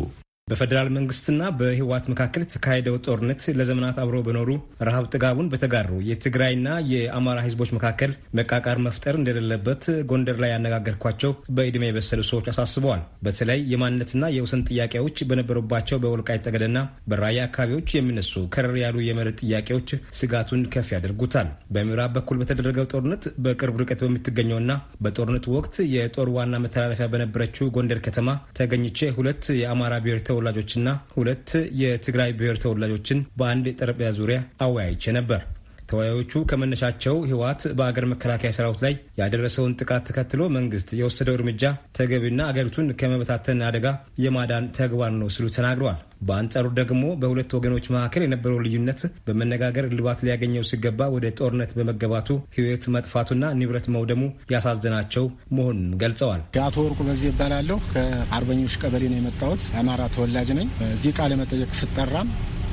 በፌዴራል መንግስትና በህወሓት መካከል የተካሄደው ጦርነት ለዘመናት አብሮ በኖሩ ረሃብ ጥጋቡን በተጋሩ የትግራይና የአማራ ህዝቦች መካከል መቃቃር መፍጠር እንደሌለበት ጎንደር ላይ ያነጋገርኳቸው በዕድሜ የበሰሉ ሰዎች አሳስበዋል። በተለይ የማንነትና የውሰን ጥያቄዎች በነበሩባቸው በወልቃይት ጠገደና በራያ አካባቢዎች የሚነሱ ከረር ያሉ የመሬት ጥያቄዎች ስጋቱን ከፍ ያደርጉታል። በምዕራብ በኩል በተደረገው ጦርነት በቅርብ ርቀት በምትገኘውና በጦርነቱ ወቅት የጦር ዋና መተላለፊያ በነበረችው ጎንደር ከተማ ተገኝቼ ሁለት የአማራ ብሔር ተወላጆችና ሁለት የትግራይ ብሔር ተወላጆችን በአንድ ጠረጴዛ ዙሪያ አወያይቼ ነበር። ተወያዮቹ ከመነሻቸው ህወሓት በአገር መከላከያ ሰራዊት ላይ ያደረሰውን ጥቃት ተከትሎ መንግስት የወሰደው እርምጃ ተገቢና አገሪቱን ከመበታተን አደጋ የማዳን ተግባር ነው ሲሉ ተናግረዋል። በአንጻሩ ደግሞ በሁለት ወገኖች መካከል የነበረው ልዩነት በመነጋገር እልባት ሊያገኘው ሲገባ ወደ ጦርነት በመገባቱ ህይወት መጥፋቱና ንብረት መውደሙ ያሳዘናቸው መሆኑን ገልጸዋል። አቶ ወርቁ በዚህ ይባላለሁ። ከአርበኞች ቀበሌ ነው የመጣሁት። የአማራ ተወላጅ ነኝ። እዚህ ቃለ መጠየቅ ስጠራም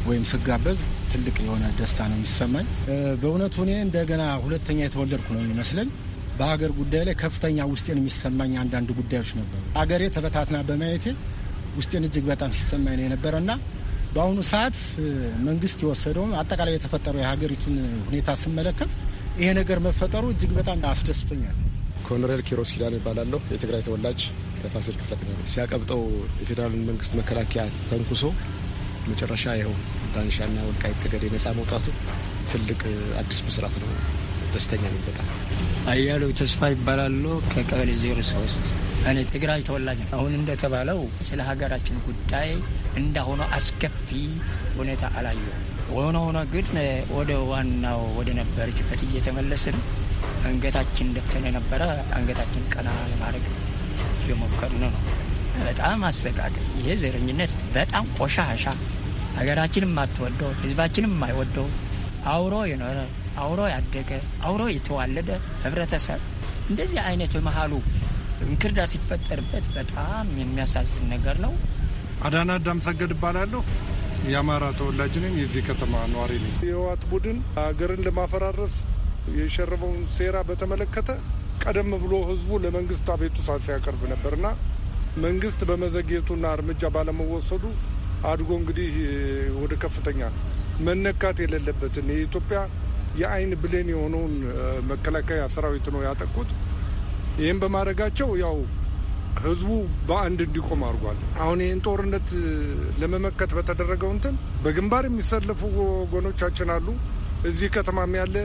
ወይም ስጋበዝ ትልቅ የሆነ ደስታ ነው የሚሰማኝ። በእውነቱ እኔ እንደገና ሁለተኛ የተወለድኩ ነው የሚመስለኝ። በሀገር ጉዳይ ላይ ከፍተኛ ውስጤን የሚሰማኝ አንዳንድ ጉዳዮች ነበሩ። አገሬ ተበታትና በማየቴ ውስጤን እጅግ በጣም ሲሰማኝ ነው የነበረና በአሁኑ ሰዓት መንግስት የወሰደውም አጠቃላይ የተፈጠረው የሀገሪቱን ሁኔታ ስመለከት ይሄ ነገር መፈጠሩ እጅግ በጣም አስደስቶኛል። ኮሎኔል ኪሮስ ኪዳን ይባላለሁ። የትግራይ ተወላጅ ከፋሲል ክፍለ ከተማ ሲያቀብጠው የፌዴራሉን መንግስት መከላከያ ተንኩሶ መጨረሻ ይኸው ዳንሻና ወልቃይት ጠገዴ ነጻ መውጣቱ ትልቅ አዲስ ምስራት ነው። ደስተኛ ነኝ አያሌው ተስፋ ይባላሉ ከቀበሌ ዜሮ ሶስት እኔ ትግራይ ተወላጅ ነው። አሁን እንደተባለው ስለ ሀገራችን ጉዳይ እንዳሆነ አስከፊ ሁኔታ አላየ ሆኖ ሆኖ ግን ወደ ዋናው ወደ ነበረችበት እየተመለስን አንገታችን ደፍተን የነበረ አንገታችን ቀና ለማድረግ እየሞከርን ነው። በጣም አሰቃቂ ይሄ ዘረኝነት፣ በጣም ቆሻሻ፣ ሀገራችን የማትወደው ህዝባችን የማይወደው አውሮ የኖረ አውሮ ያደገ አውሮ የተዋለደ ህብረተሰብ እንደዚህ አይነት መሀሉ እንክርዳ ሲፈጠርበት በጣም የሚያሳዝን ነገር ነው። አዳና ሰገድ እባላለሁ። የአማራ ተወላጅ ነኝ። የዚህ ከተማ ነዋሪ ነኝ። የህወሓት ቡድን ሀገርን ለማፈራረስ የሸረበውን ሴራ በተመለከተ ቀደም ብሎ ህዝቡ ለመንግስት አቤቱታ ሲያቀርብ ነበርና መንግስት በመዘግየቱና እርምጃ ባለመወሰዱ አድጎ እንግዲህ ወደ ከፍተኛ መነካት የሌለበትን የኢትዮጵያ የአይን ብሌን የሆነውን መከላከያ ሰራዊት ነው ያጠቁት። ይህም በማድረጋቸው ያው ህዝቡ በአንድ እንዲቆም አድርጓል። አሁን ይህን ጦርነት ለመመከት በተደረገው እንትን በግንባር የሚሰለፉ ወገኖቻችን አሉ። እዚህ ከተማም ያለ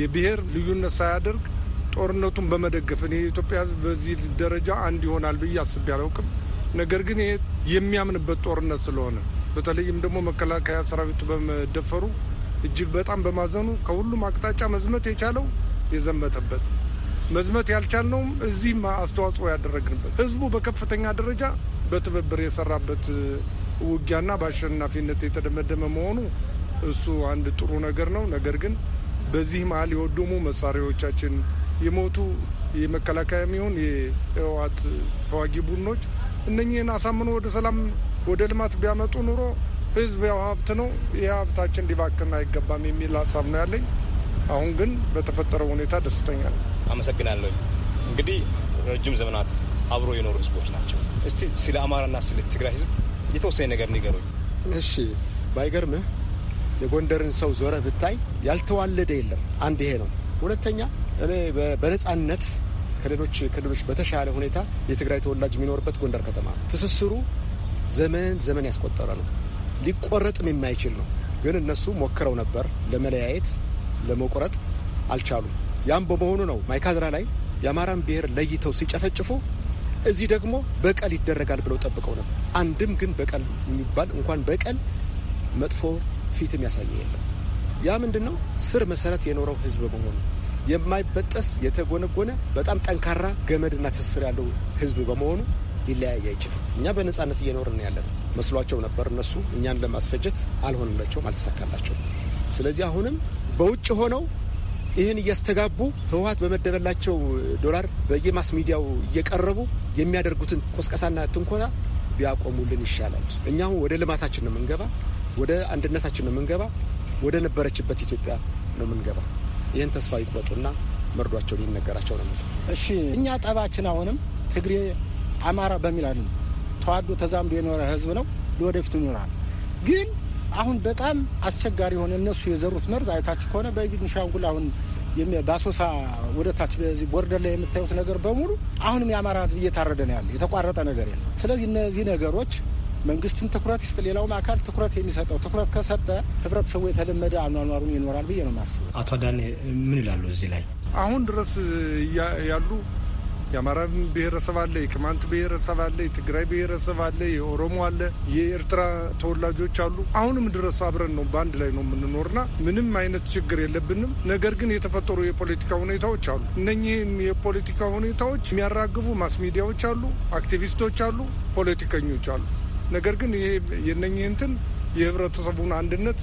የብሔር ልዩነት ሳያደርግ ጦርነቱን በመደገፍ እኔ የኢትዮጵያ ህዝብ በዚህ ደረጃ አንድ ይሆናል ብዬ አስቤ አላውቅም። ነገር ግን ይሄ የሚያምንበት ጦርነት ስለሆነ በተለይም ደግሞ መከላከያ ሰራዊቱ በመደፈሩ እጅግ በጣም በማዘኑ ከሁሉም አቅጣጫ መዝመት የቻለው የዘመተበት መዝመት ያልቻልነውም እዚህም አስተዋጽኦ ያደረግንበት ህዝቡ በከፍተኛ ደረጃ በትብብር የሰራበት ውጊያና በአሸናፊነት የተደመደመ መሆኑ እሱ አንድ ጥሩ ነገር ነው። ነገር ግን በዚህ መሀል የወደሙ መሳሪያዎቻችን የሞቱ የመከላከያ የሚሆን የህወሓት ተዋጊ ቡድኖች እነኚህን አሳምኖ ወደ ሰላም ወደ ልማት ቢያመጡ ኑሮ ህዝብ ያው ሀብት ነው። ይህ ሀብታችን ሊባክን አይገባም የሚል ሀሳብ ነው ያለኝ። አሁን ግን በተፈጠረው ሁኔታ ደስተኛ ነው። አመሰግናለሁ። እንግዲህ ረጅም ዘመናት አብሮ የኖሩ ህዝቦች ናቸው። እስቲ ስለ አማራና ስለ ትግራይ ህዝብ የተወሰነ ነገር ንገሩኝ። እሺ፣ ባይገርምህ የጎንደርን ሰው ዞረ ብታይ ያልተዋለደ የለም። አንድ ይሄ ነው። ሁለተኛ እኔ በነፃነት ከሌሎች ክልሎች በተሻለ ሁኔታ የትግራይ ተወላጅ የሚኖርበት ጎንደር ከተማ ነው። ትስስሩ ዘመን ዘመን ያስቆጠረ ነው። ሊቆረጥም የማይችል ነው። ግን እነሱ ሞክረው ነበር ለመለያየት፣ ለመቁረጥ አልቻሉም። ያም በመሆኑ ነው ማይካድራ ላይ የአማራን ብሔር ለይተው ሲጨፈጭፉ እዚህ ደግሞ በቀል ይደረጋል ብለው ጠብቀው ነበር። አንድም ግን በቀል የሚባል እንኳን በቀል መጥፎ ፊትም ያሳየ የለም። ያ ምንድን ነው? ስር መሰረት የኖረው ህዝብ በመሆኑ የማይበጠስ የተጎነጎነ በጣም ጠንካራ ገመድና ትስስር ያለው ህዝብ በመሆኑ ሊለያይ አይችልም። እኛ በነጻነት እየኖርን ያለነው መስሏቸው ነበር። እነሱ እኛን ለማስፈጀት አልሆንላቸውም፣ አልተሳካላቸው። ስለዚህ አሁንም በውጭ ሆነው ይህን እያስተጋቡ ህወሀት በመደበላቸው ዶላር በየማስ ሚዲያው እየቀረቡ የሚያደርጉትን ቆስቀሳና ትንኮላ ቢያቆሙልን ይሻላል። እኛ አሁን ወደ ልማታችን ነው የምንገባ፣ ወደ አንድነታችን ነው የምንገባ፣ ወደ ነበረችበት ኢትዮጵያ ነው የምንገባ። ይህን ተስፋ ይቁረጡና መርዷቸውን ይነገራቸው ነው። እሺ እኛ ጠባችን አሁንም ትግሬ፣ አማራ በሚል አይደለም ተዋዶ ተዛምዶ የኖረ ህዝብ ነው፣ ለወደፊቱ ይኖራል። ግን አሁን በጣም አስቸጋሪ የሆነ እነሱ የዘሩት መርዝ አይታችሁ ከሆነ በቤኒሻንጉል አሁን በአሶሳ ወደታች በዚህ ቦርደር ላይ የምታዩት ነገር በሙሉ አሁንም የአማራ ህዝብ እየታረደ ነው ያለ፣ የተቋረጠ ነገር የለም። ስለዚህ እነዚህ ነገሮች መንግስትም ትኩረት ይስጥ፣ ሌላውም አካል ትኩረት የሚሰጠው ትኩረት ከሰጠ ህብረተሰቡ የተለመደ አኗኗሩን ይኖራል ብዬ ነው የማስበው። አቶ ዳኔ ምን ይላሉ? እዚህ ላይ አሁን ድረስ ያሉ የአማራ ብሔረሰብ አለ፣ የቅማንት ብሔረሰብ አለ፣ የትግራይ ብሔረሰብ አለ፣ የኦሮሞ አለ፣ የኤርትራ ተወላጆች አሉ። አሁንም ድረስ አብረን ነው በአንድ ላይ ነው የምንኖርና ምንም አይነት ችግር የለብንም። ነገር ግን የተፈጠሩ የፖለቲካ ሁኔታዎች አሉ። እነኚህም የፖለቲካ ሁኔታዎች የሚያራግቡ ማስ ሚዲያዎች አሉ፣ አክቲቪስቶች አሉ፣ ፖለቲከኞች አሉ። ነገር ግን ይሄ የነኚህ እንትን የህብረተሰቡን አንድነት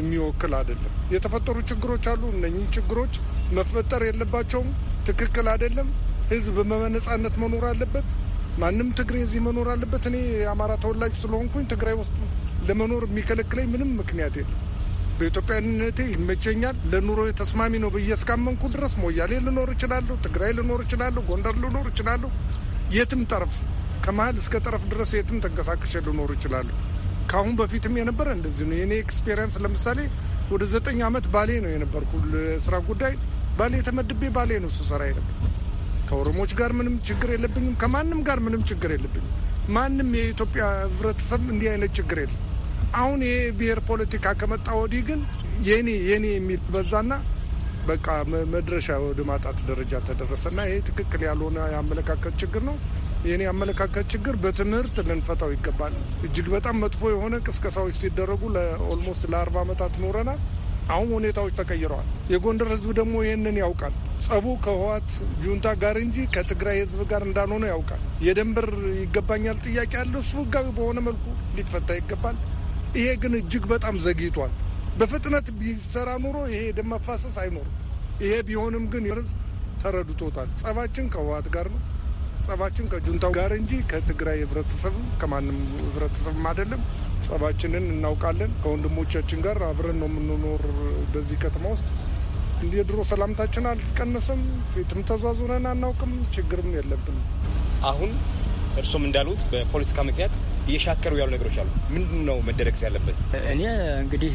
የሚወክል አይደለም። የተፈጠሩ ችግሮች አሉ። እነኚህ ችግሮች መፈጠር የለባቸውም። ትክክል አይደለም። ህዝብ በነጻነት መኖር አለበት። ማንም ትግሬ እዚህ መኖር አለበት። እኔ የአማራ ተወላጅ ስለሆንኩኝ ትግራይ ውስጥ ለመኖር የሚከለክለኝ ምንም ምክንያት የለም። በኢትዮጵያዊነቴ ይመቸኛል። ለኑሮ ተስማሚ ነው ብዬ እስካመንኩ ድረስ ሞያሌ ልኖር እችላለሁ፣ ትግራይ ልኖር እችላለሁ፣ ጎንደር ልኖር እችላለሁ። የትም ጠረፍ ከመሀል እስከ ጠረፍ ድረስ የትም ተንቀሳቀሸ ልኖር እችላለሁ። ከአሁን በፊትም የነበረ እንደዚህ ነው። የኔ ኤክስፔሪንስ ለምሳሌ ወደ ዘጠኝ ዓመት ባሌ ነው የነበርኩ። ስራ ጉዳይ ባሌ ተመድቤ ባሌ ነው ስሰራ ነበር። ከኦሮሞዎች ጋር ምንም ችግር የለብኝም። ከማንም ጋር ምንም ችግር የለብኝም። ማንም የኢትዮጵያ ህብረተሰብ እንዲህ አይነት ችግር የለም። አሁን ይሄ ብሔር ፖለቲካ ከመጣ ወዲህ ግን የኔ የኔ የሚል በዛና በቃ መድረሻ ወደ ማጣት ደረጃ ተደረሰና ይሄ ትክክል ያልሆነ የአመለካከት ችግር ነው። የኔ አመለካከት ችግር በትምህርት ልንፈታው ይገባል። እጅግ በጣም መጥፎ የሆነ ቅስቀሳዎች ሲደረጉ ለኦልሞስት ለአርባ ዓመታት ኖረናል። አሁን ሁኔታዎች ተቀይረዋል። የጎንደር ህዝብ ደግሞ ይህንን ያውቃል። ጸቡ ከህዋት ጁንታ ጋር እንጂ ከትግራይ ህዝብ ጋር እንዳልሆነ ያውቃል። የድንበር ይገባኛል ጥያቄ ያለው እሱ ህጋዊ በሆነ መልኩ ሊፈታ ይገባል። ይሄ ግን እጅግ በጣም ዘግይቷል። በፍጥነት ቢሰራ ኑሮ ይሄ ደም መፋሰስ አይኖርም። ይሄ ቢሆንም ግን ህዝብ ተረድቶታል። ጸባችን ከህዋት ጋር ነው ጸባችን ከጁንታው ጋር እንጂ ከትግራይ ህብረተሰብ ከማንም ህብረተሰብም አይደለም። ጸባችንን እናውቃለን። ከወንድሞቻችን ጋር አብረን ነው የምንኖር በዚህ ከተማ ውስጥ። የድሮ ሰላምታችን አልቀነሰም። ፊትም ተዛዙነን አናውቅም። ችግርም የለብንም። አሁን እርሶም እንዳሉት በፖለቲካ ምክንያት እየሻከሩ ያሉ ነገሮች አሉ። ምንድን ነው መደረግ ያለበት? እኔ እንግዲህ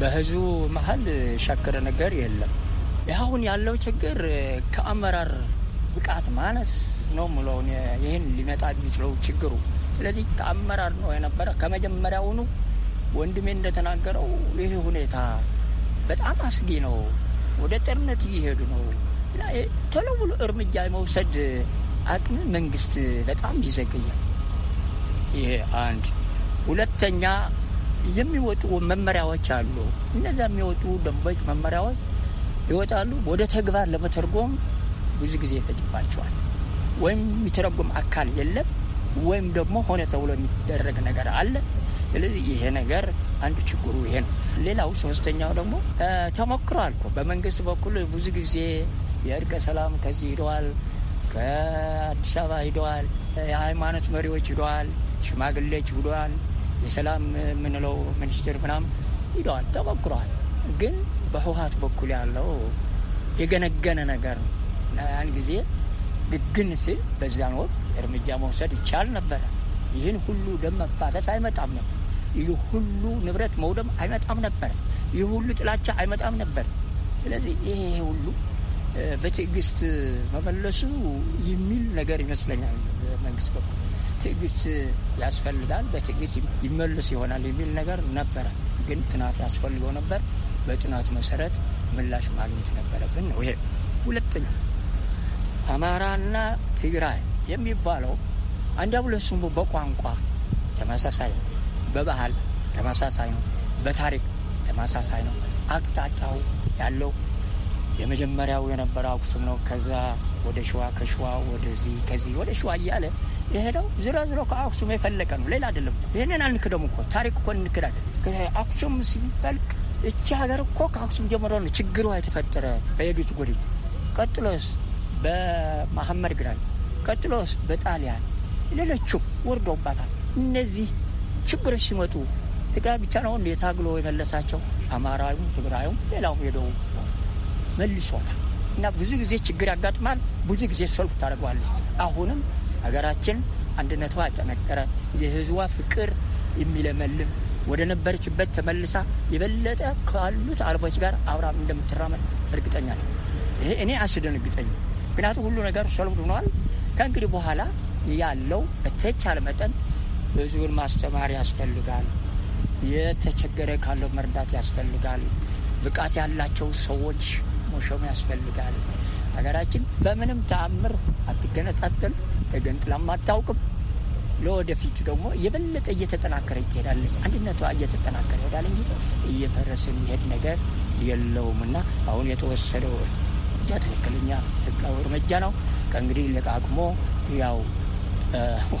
በህዝቡ መሀል የሻከረ ነገር የለም። አሁን ያለው ችግር ከአመራር ብቃት ማነስ ነው ምለው ይህን ሊመጣ የሚችለው ችግሩ። ስለዚህ ከአመራር ነው የነበረ ከመጀመሪያውኑ ወንድሜ እንደተናገረው ይህ ሁኔታ በጣም አስጊ ነው፣ ወደ ጦርነት እየሄዱ ነው። ቶሎ ብሎ እርምጃ የመውሰድ አቅም መንግስት በጣም ይዘገያል። ይሄ አንድ። ሁለተኛ የሚወጡ መመሪያዎች አሉ። እነዚያ የሚወጡ ደንቦች፣ መመሪያዎች ይወጣሉ። ወደ ተግባር ለመተርጎም ብዙ ጊዜ ይፈጅባቸዋል። ወይም የሚተረጉም አካል የለም፣ ወይም ደግሞ ሆነ ተብሎ የሚደረግ ነገር አለ። ስለዚህ ይሄ ነገር አንዱ ችግሩ ይሄ ነው። ሌላው ሶስተኛው ደግሞ ተሞክሮ እኮ በመንግስት በኩል ብዙ ጊዜ የእርቀ ሰላም ከዚህ ሂደዋል፣ ከአዲስ አበባ ሂደዋል፣ የሃይማኖት መሪዎች ሂደዋል፣ ሽማግሌዎች ሂደዋል፣ የሰላም የምንለው ሚኒስትር ምናምን ሂደዋል፣ ተሞክሯል። ግን በህወሀት በኩል ያለው የገነገነ ነገር ነው ያን ጊዜ ግግን ሲል በዚያን ወቅት እርምጃ መውሰድ ይቻል ነበረ። ይህን ሁሉ ደም መፋሰስ አይመጣም ነበር። ይህ ሁሉ ንብረት መውደም አይመጣም ነበር። ይህ ሁሉ ጥላቻ አይመጣም ነበር። ስለዚህ ይሄ ሁሉ በትዕግስት መመለሱ የሚል ነገር ይመስለኛል። መንግስት በኩል ትዕግስት ያስፈልጋል፣ በትዕግስት ይመለስ ይሆናል የሚል ነገር ነበረ። ግን ጥናት ያስፈልገው ነበር። በጥናቱ መሰረት ምላሽ ማግኘት ነበረብን ነው ይሄ ሁለተኛው አማራና ትግራይ የሚባለው አንዳ ሁለት ስሙ በቋንቋ ተመሳሳይ ነው፣ በባህል ተመሳሳይ ነው፣ በታሪክ ተመሳሳይ ነው። አቅጣጫው ያለው የመጀመሪያው የነበረ አክሱም ነው። ከዛ ወደ ሸዋ፣ ከሸዋ ወደዚህ፣ ከዚህ ወደ ሸዋ እያለ የሄደው ዝሮ ዝሮ ከአክሱም የፈለቀ ነው፣ ሌላ አይደለም። ይህንን አንክደም እኮ ታሪክ እኮ እንክድ አይደለም። ሲፈልቅ እቺ ሀገር እኮ ከአክሱም ጀምሮ ነው ችግሯ የተፈጠረ በሄዱት ጉዲት። ቀጥሎስ በመሐመድ ግራኝ ቀጥሎ በጣሊያን ሌሎቹም ወርዶባታል። እነዚህ ችግሮች ሲመጡ ትግራይ ብቻ ነው እንደ ታግሎ የመለሳቸው አማራዊም፣ ትግራዩም፣ ሌላው ሄደው መልሶታል። እና ብዙ ጊዜ ችግር ያጋጥማል። ብዙ ጊዜ ሰልፍ ታደርገዋለች። አሁንም ሀገራችን አንድነቷ ያጠነከረ የህዝቧ ፍቅር የሚለመልም ወደ ነበረችበት ተመልሳ የበለጠ ካሉት አልቦች ጋር አብራም እንደምትራመድ እርግጠኛ ነው። ይሄ እኔ አስደንግጠኝ ምክንያቱም ሁሉ ነገር ሶልቭድ ሆኗል። ከእንግዲህ በኋላ ያለው በተቻለ መጠን ህዝቡን ማስተማር ያስፈልጋል። የተቸገረ ካለው መርዳት ያስፈልጋል። ብቃት ያላቸው ሰዎች መሾም ያስፈልጋል። ሀገራችን በምንም ተአምር አትገነጣጠል፣ ተገንጥላም አታውቅም። ለወደፊቱ ደግሞ የበለጠ እየተጠናከረ ትሄዳለች። አንድነቷ እየተጠናከረ ይሄዳል እንጂ እየፈረሰ የሚሄድ ነገር የለውምና አሁን የተወሰደው ትክክለኛ ህጋዊ እርምጃ ነው። ከእንግዲህ ለቃቅሞ ያው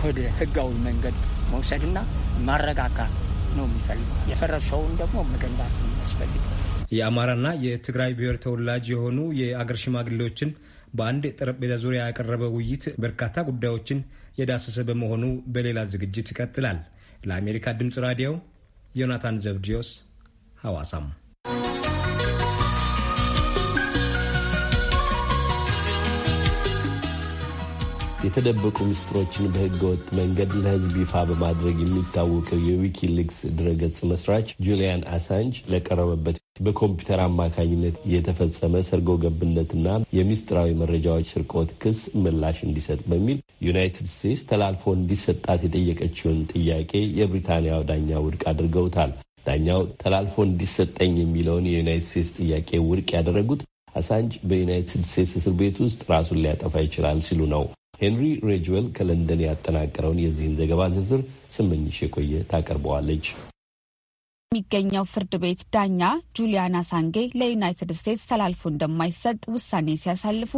ወደ ህጋዊ መንገድ መውሰድና ማረጋጋት ነው የሚፈልገው። የፈረሰውን ደግሞ መገንባት ነው የሚያስፈልግ። የአማራና የትግራይ ብሔር ተወላጅ የሆኑ የአገር ሽማግሌዎችን በአንድ ጠረጴዛ ዙሪያ ያቀረበ ውይይት በርካታ ጉዳዮችን የዳሰሰ በመሆኑ በሌላ ዝግጅት ይቀጥላል። ለአሜሪካ ድምፅ ራዲዮ ዮናታን ዘብዲዮስ ሐዋሳም የተደበቁ ምስጢሮችን በህገወጥ ወጥ መንገድ ለህዝብ ይፋ በማድረግ የሚታወቀው የዊኪሊክስ ድረገጽ መስራች ጁሊያን አሳንጅ ለቀረበበት በኮምፒውተር አማካኝነት የተፈጸመ ሰርጎ ገብነትና የሚስጥራዊ መረጃዎች ስርቆት ክስ ምላሽ እንዲሰጥ በሚል ዩናይትድ ስቴትስ ተላልፎ እንዲሰጣት የጠየቀችውን ጥያቄ የብሪታንያው ዳኛ ውድቅ አድርገውታል። ዳኛው ተላልፎ እንዲሰጠኝ የሚለውን የዩናይትድ ስቴትስ ጥያቄ ውድቅ ያደረጉት አሳንጅ በዩናይትድ ስቴትስ እስር ቤት ውስጥ ራሱን ሊያጠፋ ይችላል ሲሉ ነው። ሄንሪ ሬጅዌል ከለንደን ያጠናቀረውን የዚህን ዘገባ ዝርዝር ስምንሽ የቆየ ታቀርበዋለች። የሚገኘው ፍርድ ቤት ዳኛ ጁሊያን አሳንጌ ለዩናይትድ ስቴትስ ተላልፎ እንደማይሰጥ ውሳኔ ሲያሳልፉ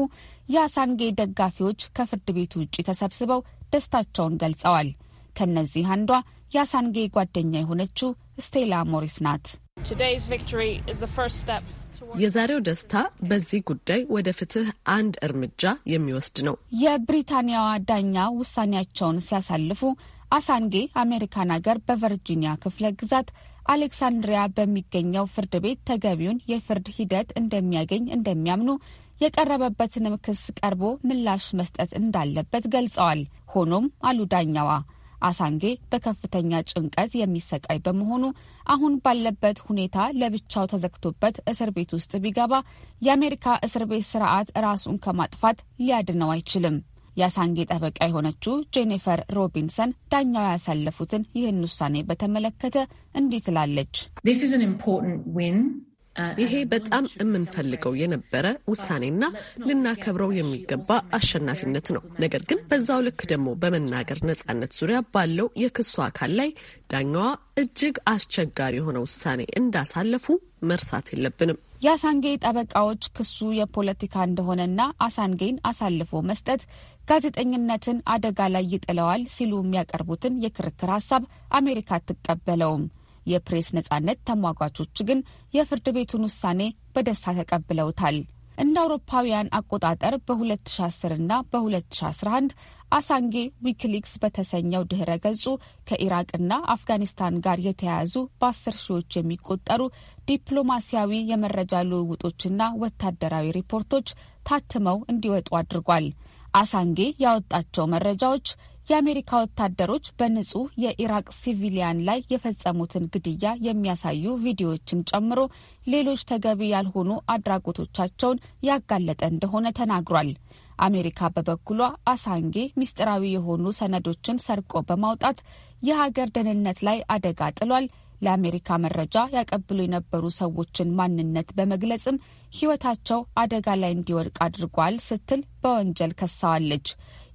የአሳንጌ ደጋፊዎች ከፍርድ ቤቱ ውጭ ተሰብስበው ደስታቸውን ገልጸዋል። ከእነዚህ አንዷ የአሳንጌ ጓደኛ የሆነችው ስቴላ ሞሪስ ናት። የዛሬው ደስታ በዚህ ጉዳይ ወደ ፍትህ አንድ እርምጃ የሚወስድ ነው። የብሪታንያዋ ዳኛ ውሳኔያቸውን ሲያሳልፉ አሳንጌ አሜሪካን ሀገር በቨርጂኒያ ክፍለ ግዛት አሌክሳንድሪያ በሚገኘው ፍርድ ቤት ተገቢውን የፍርድ ሂደት እንደሚያገኝ እንደሚያምኑ የቀረበበትንም ክስ ቀርቦ ምላሽ መስጠት እንዳለበት ገልጸዋል። ሆኖም አሉ ዳኛዋ አሳንጌ በከፍተኛ ጭንቀት የሚሰቃይ በመሆኑ አሁን ባለበት ሁኔታ ለብቻው ተዘግቶበት እስር ቤት ውስጥ ቢገባ የአሜሪካ እስር ቤት ስርዓት ራሱን ከማጥፋት ሊያድነው አይችልም። የአሳንጌ ጠበቃ የሆነችው ጄኒፈር ሮቢንሰን ዳኛው ያሳለፉትን ይህን ውሳኔ በተመለከተ እንዲህ ትላለች። ይሄ በጣም የምንፈልገው የነበረ ውሳኔና ልናከብረው የሚገባ አሸናፊነት ነው። ነገር ግን በዛው ልክ ደግሞ በመናገር ነጻነት ዙሪያ ባለው የክሱ አካል ላይ ዳኛዋ እጅግ አስቸጋሪ የሆነ ውሳኔ እንዳሳለፉ መርሳት የለብንም። የአሳንጌ ጠበቃዎች ክሱ የፖለቲካ እንደሆነና አሳንጌን አሳልፎ መስጠት ጋዜጠኝነትን አደጋ ላይ ይጥለዋል ሲሉ የሚያቀርቡትን የክርክር ሀሳብ አሜሪካ አትቀበለውም። የፕሬስ ነጻነት ተሟጋቾች ግን የፍርድ ቤቱን ውሳኔ በደስታ ተቀብለውታል። እንደ አውሮፓውያን አቆጣጠር በ2010 እና በ2011 አሳንጌ ዊኪሊክስ በተሰኘው ድኅረ ገጹ ከኢራቅና አፍጋኒስታን ጋር የተያያዙ በአስር ሺዎች የሚቆጠሩ ዲፕሎማሲያዊ የመረጃ ልውውጦችና ወታደራዊ ሪፖርቶች ታትመው እንዲወጡ አድርጓል። አሳንጌ ያወጣቸው መረጃዎች የአሜሪካ ወታደሮች በንጹህ የኢራቅ ሲቪሊያን ላይ የፈጸሙትን ግድያ የሚያሳዩ ቪዲዮዎችን ጨምሮ ሌሎች ተገቢ ያልሆኑ አድራጎቶቻቸውን ያጋለጠ እንደሆነ ተናግሯል። አሜሪካ በበኩሏ አሳንጌ ምስጢራዊ የሆኑ ሰነዶችን ሰርቆ በማውጣት የሀገር ደህንነት ላይ አደጋ ጥሏል፣ ለአሜሪካ መረጃ ያቀብሉ የነበሩ ሰዎችን ማንነት በመግለጽም ሕይወታቸው አደጋ ላይ እንዲወድቅ አድርጓል ስትል በወንጀል ከሳዋለች።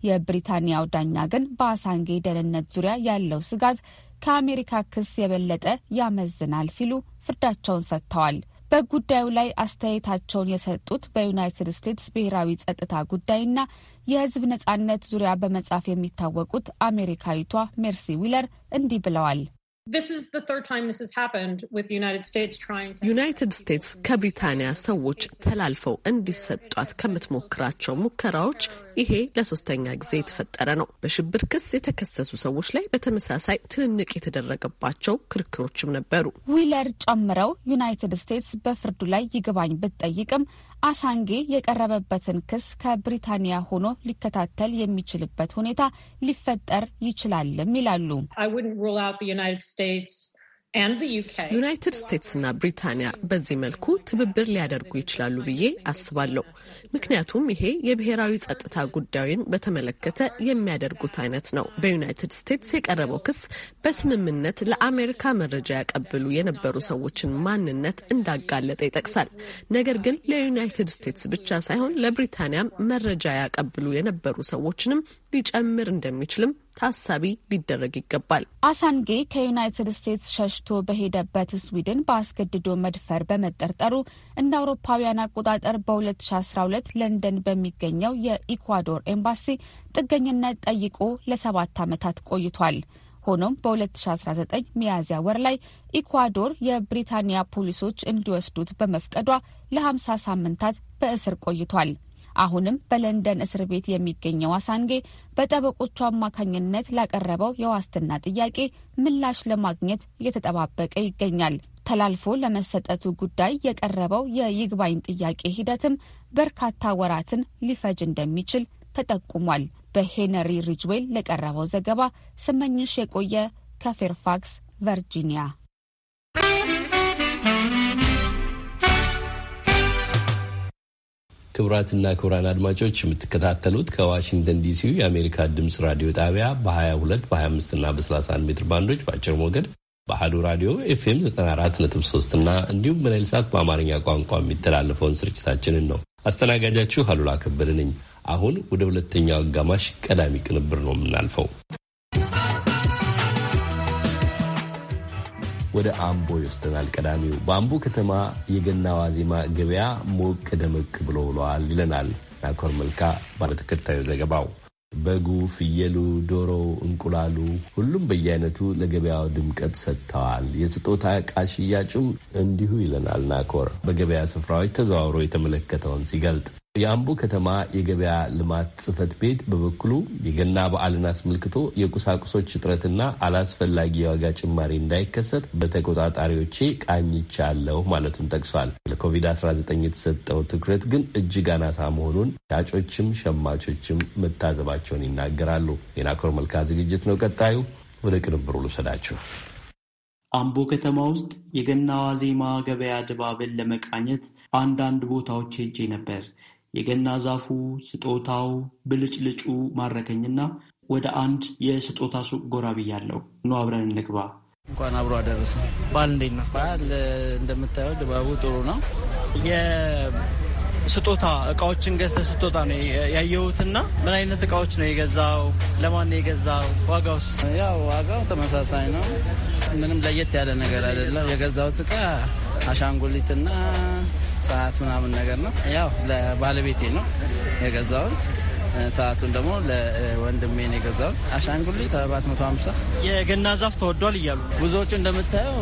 የብሪታንያው ዳኛ ግን በአሳንጌ ደህንነት ዙሪያ ያለው ስጋት ከአሜሪካ ክስ የበለጠ ያመዝናል ሲሉ ፍርዳቸውን ሰጥተዋል። በጉዳዩ ላይ አስተያየታቸውን የሰጡት በዩናይትድ ስቴትስ ብሔራዊ ጸጥታ ጉዳይና የሕዝብ ነጻነት ዙሪያ በመጻፍ የሚታወቁት አሜሪካዊቷ ሜርሲ ዊለር እንዲህ ብለዋል። ዩናይትድ ስቴትስ ከብሪታንያ ሰዎች ተላልፈው እንዲሰጧት ከምትሞክራቸው ሙከራዎች ይሄ ለሶስተኛ ጊዜ የተፈጠረ ነው። በሽብር ክስ የተከሰሱ ሰዎች ላይ በተመሳሳይ ትንንቅ የተደረገባቸው ክርክሮችም ነበሩ። ዊለር ጨምረው ዩናይትድ ስቴትስ በፍርዱ ላይ ይግባኝ ብትጠይቅም አሳንጌ የቀረበበትን ክስ ከብሪታንያ ሆኖ ሊከታተል የሚችልበት ሁኔታ ሊፈጠር ይችላልም ይላሉ። ዩናይትድ ስቴትስና ብሪታንያ በዚህ መልኩ ትብብር ሊያደርጉ ይችላሉ ብዬ አስባለሁ። ምክንያቱም ይሄ የብሔራዊ ጸጥታ ጉዳዩን በተመለከተ የሚያደርጉት አይነት ነው። በዩናይትድ ስቴትስ የቀረበው ክስ በስምምነት ለአሜሪካ መረጃ ያቀብሉ የነበሩ ሰዎችን ማንነት እንዳጋለጠ ይጠቅሳል። ነገር ግን ለዩናይትድ ስቴትስ ብቻ ሳይሆን ለብሪታንያም መረጃ ያቀብሉ የነበሩ ሰዎችንም ሊጨምር እንደሚችልም ታሳቢ ሊደረግ ይገባል። አሳንጌ ከዩናይትድ ስቴትስ ሸሽቶ በሄደበት ስዊድን በአስገድዶ መድፈር በመጠርጠሩ እንደ አውሮፓውያን አቆጣጠር በ2012 ለንደን በሚገኘው የኢኳዶር ኤምባሲ ጥገኝነት ጠይቆ ለሰባት ዓመታት ቆይቷል። ሆኖም በ2019 ሚያዝያ ወር ላይ ኢኳዶር የብሪታንያ ፖሊሶች እንዲወስዱት በመፍቀዷ ለ50 ሳምንታት በእስር ቆይቷል። አሁንም በለንደን እስር ቤት የሚገኘው አሳንጌ በጠበቆቹ አማካኝነት ላቀረበው የዋስትና ጥያቄ ምላሽ ለማግኘት እየተጠባበቀ ይገኛል። ተላልፎ ለመሰጠቱ ጉዳይ የቀረበው የይግባኝ ጥያቄ ሂደትም በርካታ ወራትን ሊፈጅ እንደሚችል ተጠቁሟል። በሄነሪ ሪጅዌል ለቀረበው ዘገባ ስመኝሽ የቆየ ከፌርፋክስ ቨርጂኒያ ክቡራትና ክቡራን አድማጮች የምትከታተሉት ከዋሽንግተን ዲሲው የአሜሪካ ድምፅ ራዲዮ ጣቢያ በ22 በ25 እና በ31 ሜትር ባንዶች በአጭር ሞገድ በአህዱ ራዲዮ ኤፍኤም 94.3 እና እንዲሁም በናይል ሰዓት በአማርኛ ቋንቋ የሚተላለፈውን ስርጭታችንን ነው። አስተናጋጃችሁ አሉላ ከበደ ነኝ። አሁን ወደ ሁለተኛው አጋማሽ ቀዳሚ ቅንብር ነው የምናልፈው። ወደ አምቦ ይወስደናል። ቀዳሚው በአምቦ ከተማ የገና ዋዜማ ገበያ ሞቅ ደመቅ ብሎ ውሏል ይለናል ናኮር መልካ ባለተከታዩ ዘገባው። በጉ፣ ፍየሉ፣ ዶሮው፣ እንቁላሉ ሁሉም በየአይነቱ ለገበያው ድምቀት ሰጥተዋል። የስጦታ ዕቃ ሽያጩም እንዲሁ ይለናል ናኮር በገበያ ስፍራዎች ተዘዋውሮ የተመለከተውን ሲገልጥ የአምቦ ከተማ የገበያ ልማት ጽህፈት ቤት በበኩሉ የገና በዓልን አስመልክቶ የቁሳቁሶች እጥረትና አላስፈላጊ የዋጋ ጭማሪ እንዳይከሰት በተቆጣጣሪዎቼ ቃኝቻለሁ ማለቱን ጠቅሷል። ለኮቪድ-19 የተሰጠው ትኩረት ግን እጅግ አናሳ መሆኑን ሻጮችም ሸማቾችም መታዘባቸውን ይናገራሉ። የናኮር መልካ ዝግጅት ነው። ቀጣዩ ወደ ቅንብሩ ልውሰዳችሁ። አምቦ ከተማ ውስጥ የገና ዋዜማ ገበያ ድባብን ለመቃኘት አንዳንድ ቦታዎች ሄጄ ነበር። የገና ዛፉ፣ ስጦታው፣ ብልጭልጩ ማረከኝና ወደ አንድ የስጦታ ሱቅ ጎራ ብያለሁ። ኑ አብረን እንግባ። እንኳን አብሮ አደረሰ። በዓል እንዴት ነው? በዓል እንደምታየው ድባቡ ጥሩ ነው። የስጦታ እቃዎችን ገዝተ ስጦታ ነው ያየሁትና፣ ምን አይነት እቃዎች ነው የገዛው? ለማን ነው የገዛው? ውስጥ ያው ዋጋው ተመሳሳይ ነው። ምንም ለየት ያለ ነገር አይደለም። የገዛሁት እቃ አሻንጉሊትና ሰዓት ምናምን ነገር ነው። ያው ለባለቤቴ ነው የገዛሁት። ሰዓቱን ደግሞ ለወንድሜ ነው የገዛሁት። አሻንጉሊት 750 የገና ዛፍ ተወዷል እያሉ ብዙዎቹ እንደምታየው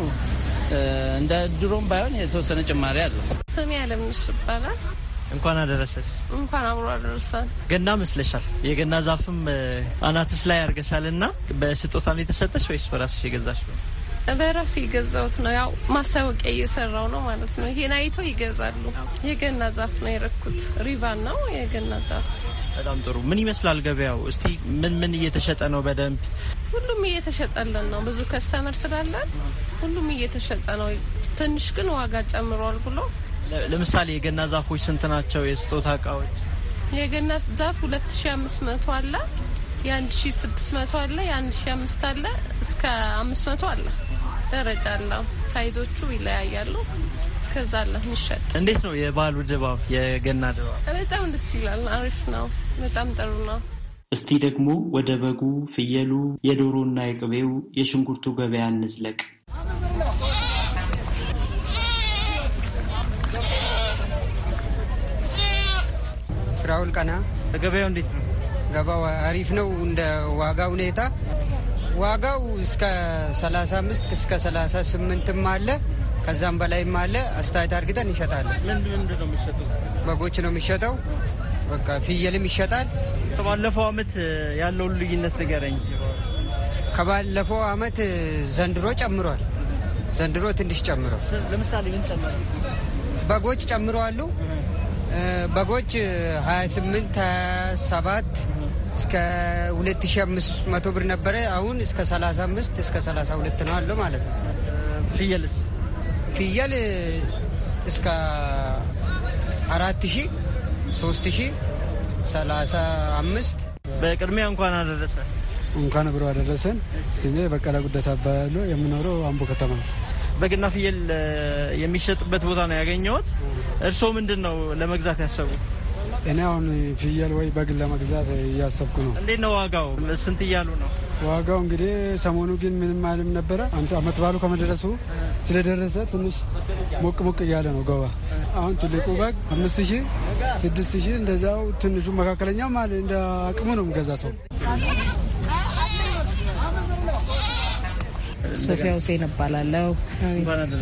እንደ ድሮም ባይሆን የተወሰነ ጭማሪ አለው። ስሜ አለምሽ ይባላል። እንኳን አደረሰሽ። እንኳን አብሮ አደረሳል። ገና መስለሻል። የገና ዛፍም አናትስ ላይ አርገሻል። እና በስጦታ ነው የተሰጠሽ ወይስ በራስሽ የገዛሽ? በራሱ የገዛሁት ነው። ያው ማስታወቂያ እየሰራው ነው ማለት ነው። ይሄን አይተው ይገዛሉ። የገና ዛፍ ነው የረኩት። ሪቫን ነው የገና ዛፍ። በጣም ጥሩ። ምን ይመስላል ገበያው? እስቲ ምን ምን እየተሸጠ ነው? በደንብ ሁሉም እየተሸጠልን ነው። ብዙ ከስተመር ስላለን ሁሉም እየተሸጠ ነው። ትንሽ ግን ዋጋ ጨምሯል ብሎ ለምሳሌ የገና ዛፎች ስንት ናቸው? የስጦታ እቃዎች የገና ዛፍ ሁለት ሺ አምስት መቶ አለ የአንድ ሺ ስድስት መቶ አለ የአንድ ሺ አምስት አለ እስከ አምስት መቶ አለ። ደረጃ አለው። ሳይዞቹ ይለያያሉ። እስከዛ አለ የሚሸጥ እንዴት ነው የባህሉ ድባብ? የገና ድባብ በጣም ደስ ይላል። አሪፍ ነው። በጣም ጥሩ ነው። እስቲ ደግሞ ወደ በጉ፣ ፍየሉ፣ የዶሮና የቅቤው የሽንኩርቱ ገበያ እንዝለቅ። ራውል ቀና ገበያው እንዴት ነው? ገባው አሪፍ ነው እንደ ዋጋ ሁኔታ ዋጋው እስከ 35 እስከ 38 አለ ከዛም በላይም አለ። አስተያየት አድርገን እንሸጣለን። በጎች ነው የሚሸጠው፣ በቃ ፍየልም ይሸጣል። ባለፈው አመት ያለውን ልዩነት ንገረኝ። ከባለፈው አመት ዘንድሮ ጨምሯል። ዘንድሮ ትንሽ ጨምሯል። ለምሳሌ ምን ጨምሯል? በጎች ጨምረዋሉ። በጎች 28 27 እስከ 2500 ብር ነበረ። አሁን እስከ 35 እስከ 32 ነው አለው ማለት ነው። ፍየልስ ፍየል እስከ 4000፣ 3000፣ 35 በቅድሚያ እንኳን አደረሰ እንኳን ብሮ አደረሰን። ስሜ በቀለ ጉደታ እባላለሁ። የምኖረው አምቦ ከተማ ነው። በግና ፍየል የሚሸጥበት ቦታ ነው ያገኘሁት። እርስዎ ምንድን ነው ለመግዛት ያሰቡ? እኔ አሁን ፍየል ወይ በግ ለመግዛት እያሰብኩ ነው። እንዴት ነው ዋጋው? ስንት እያሉ ነው? ዋጋው እንግዲህ ሰሞኑ ግን ምንም አይልም ነበረ። አመት ባሉ ከመድረሱ ስለደረሰ ትንሽ ሞቅ ሞቅ እያለ ነው ገባ። አሁን ትልቁ በግ አምስት ሺህ ስድስት ሺህ እንደዛው ትንሹ መካከለኛ አለ እንደ አቅሙ ነው የሚገዛ ሰው ሶፊያ ሁሴን እባላለሁ።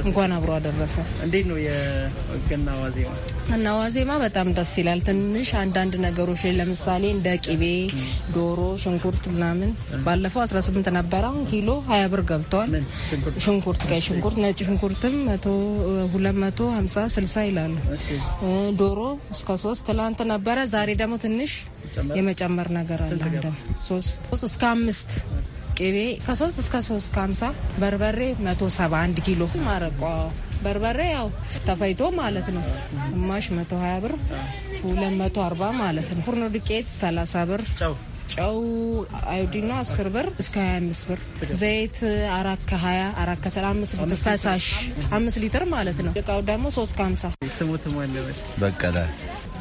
እንኳን አብሮ አደረሰ። እንዴት ነው የገና ዋዜማ? እና ዋዜማ በጣም ደስ ይላል። ትንሽ አንዳንድ ነገሮች ላይ ለምሳሌ እንደ ቂቤ፣ ዶሮ፣ ሽንኩርት ምናምን ባለፈው 18 ነበረ፣ አሁን ኪሎ 20 ብር ገብቷል። ሽንኩርት፣ ቀይ ሽንኩርት፣ ነጭ ሽንኩርትም 250 60 ይላሉ። ዶሮ እስከ 3 ትላንት ነበረ፣ ዛሬ ደግሞ ትንሽ የመጨመር ነገር አለ። አንደ 3 እስከ 5 ቅቤ ከሶስት እስከ ሶስት በርበሬ መቶ ሰባ አንድ ኪሎ ማረቋ በርበሬ ያው ተፈይቶ ማለት ነው። ግማሽ መቶ ሀያ ብር ሁለት መቶ አርባ ማለት ነው። ፉርኖ ዱቄት ሰላሳ ብር ጨው አዮዲኖ አስር ብር እስከ ሀያ አምስት ብር ዘይት አራት ከሀያ አራት ከሰላ አምስት ሊትር ፈሳሽ አምስት ሊትር ማለት ነው። እቃው ደግሞ ሶስት በቀለ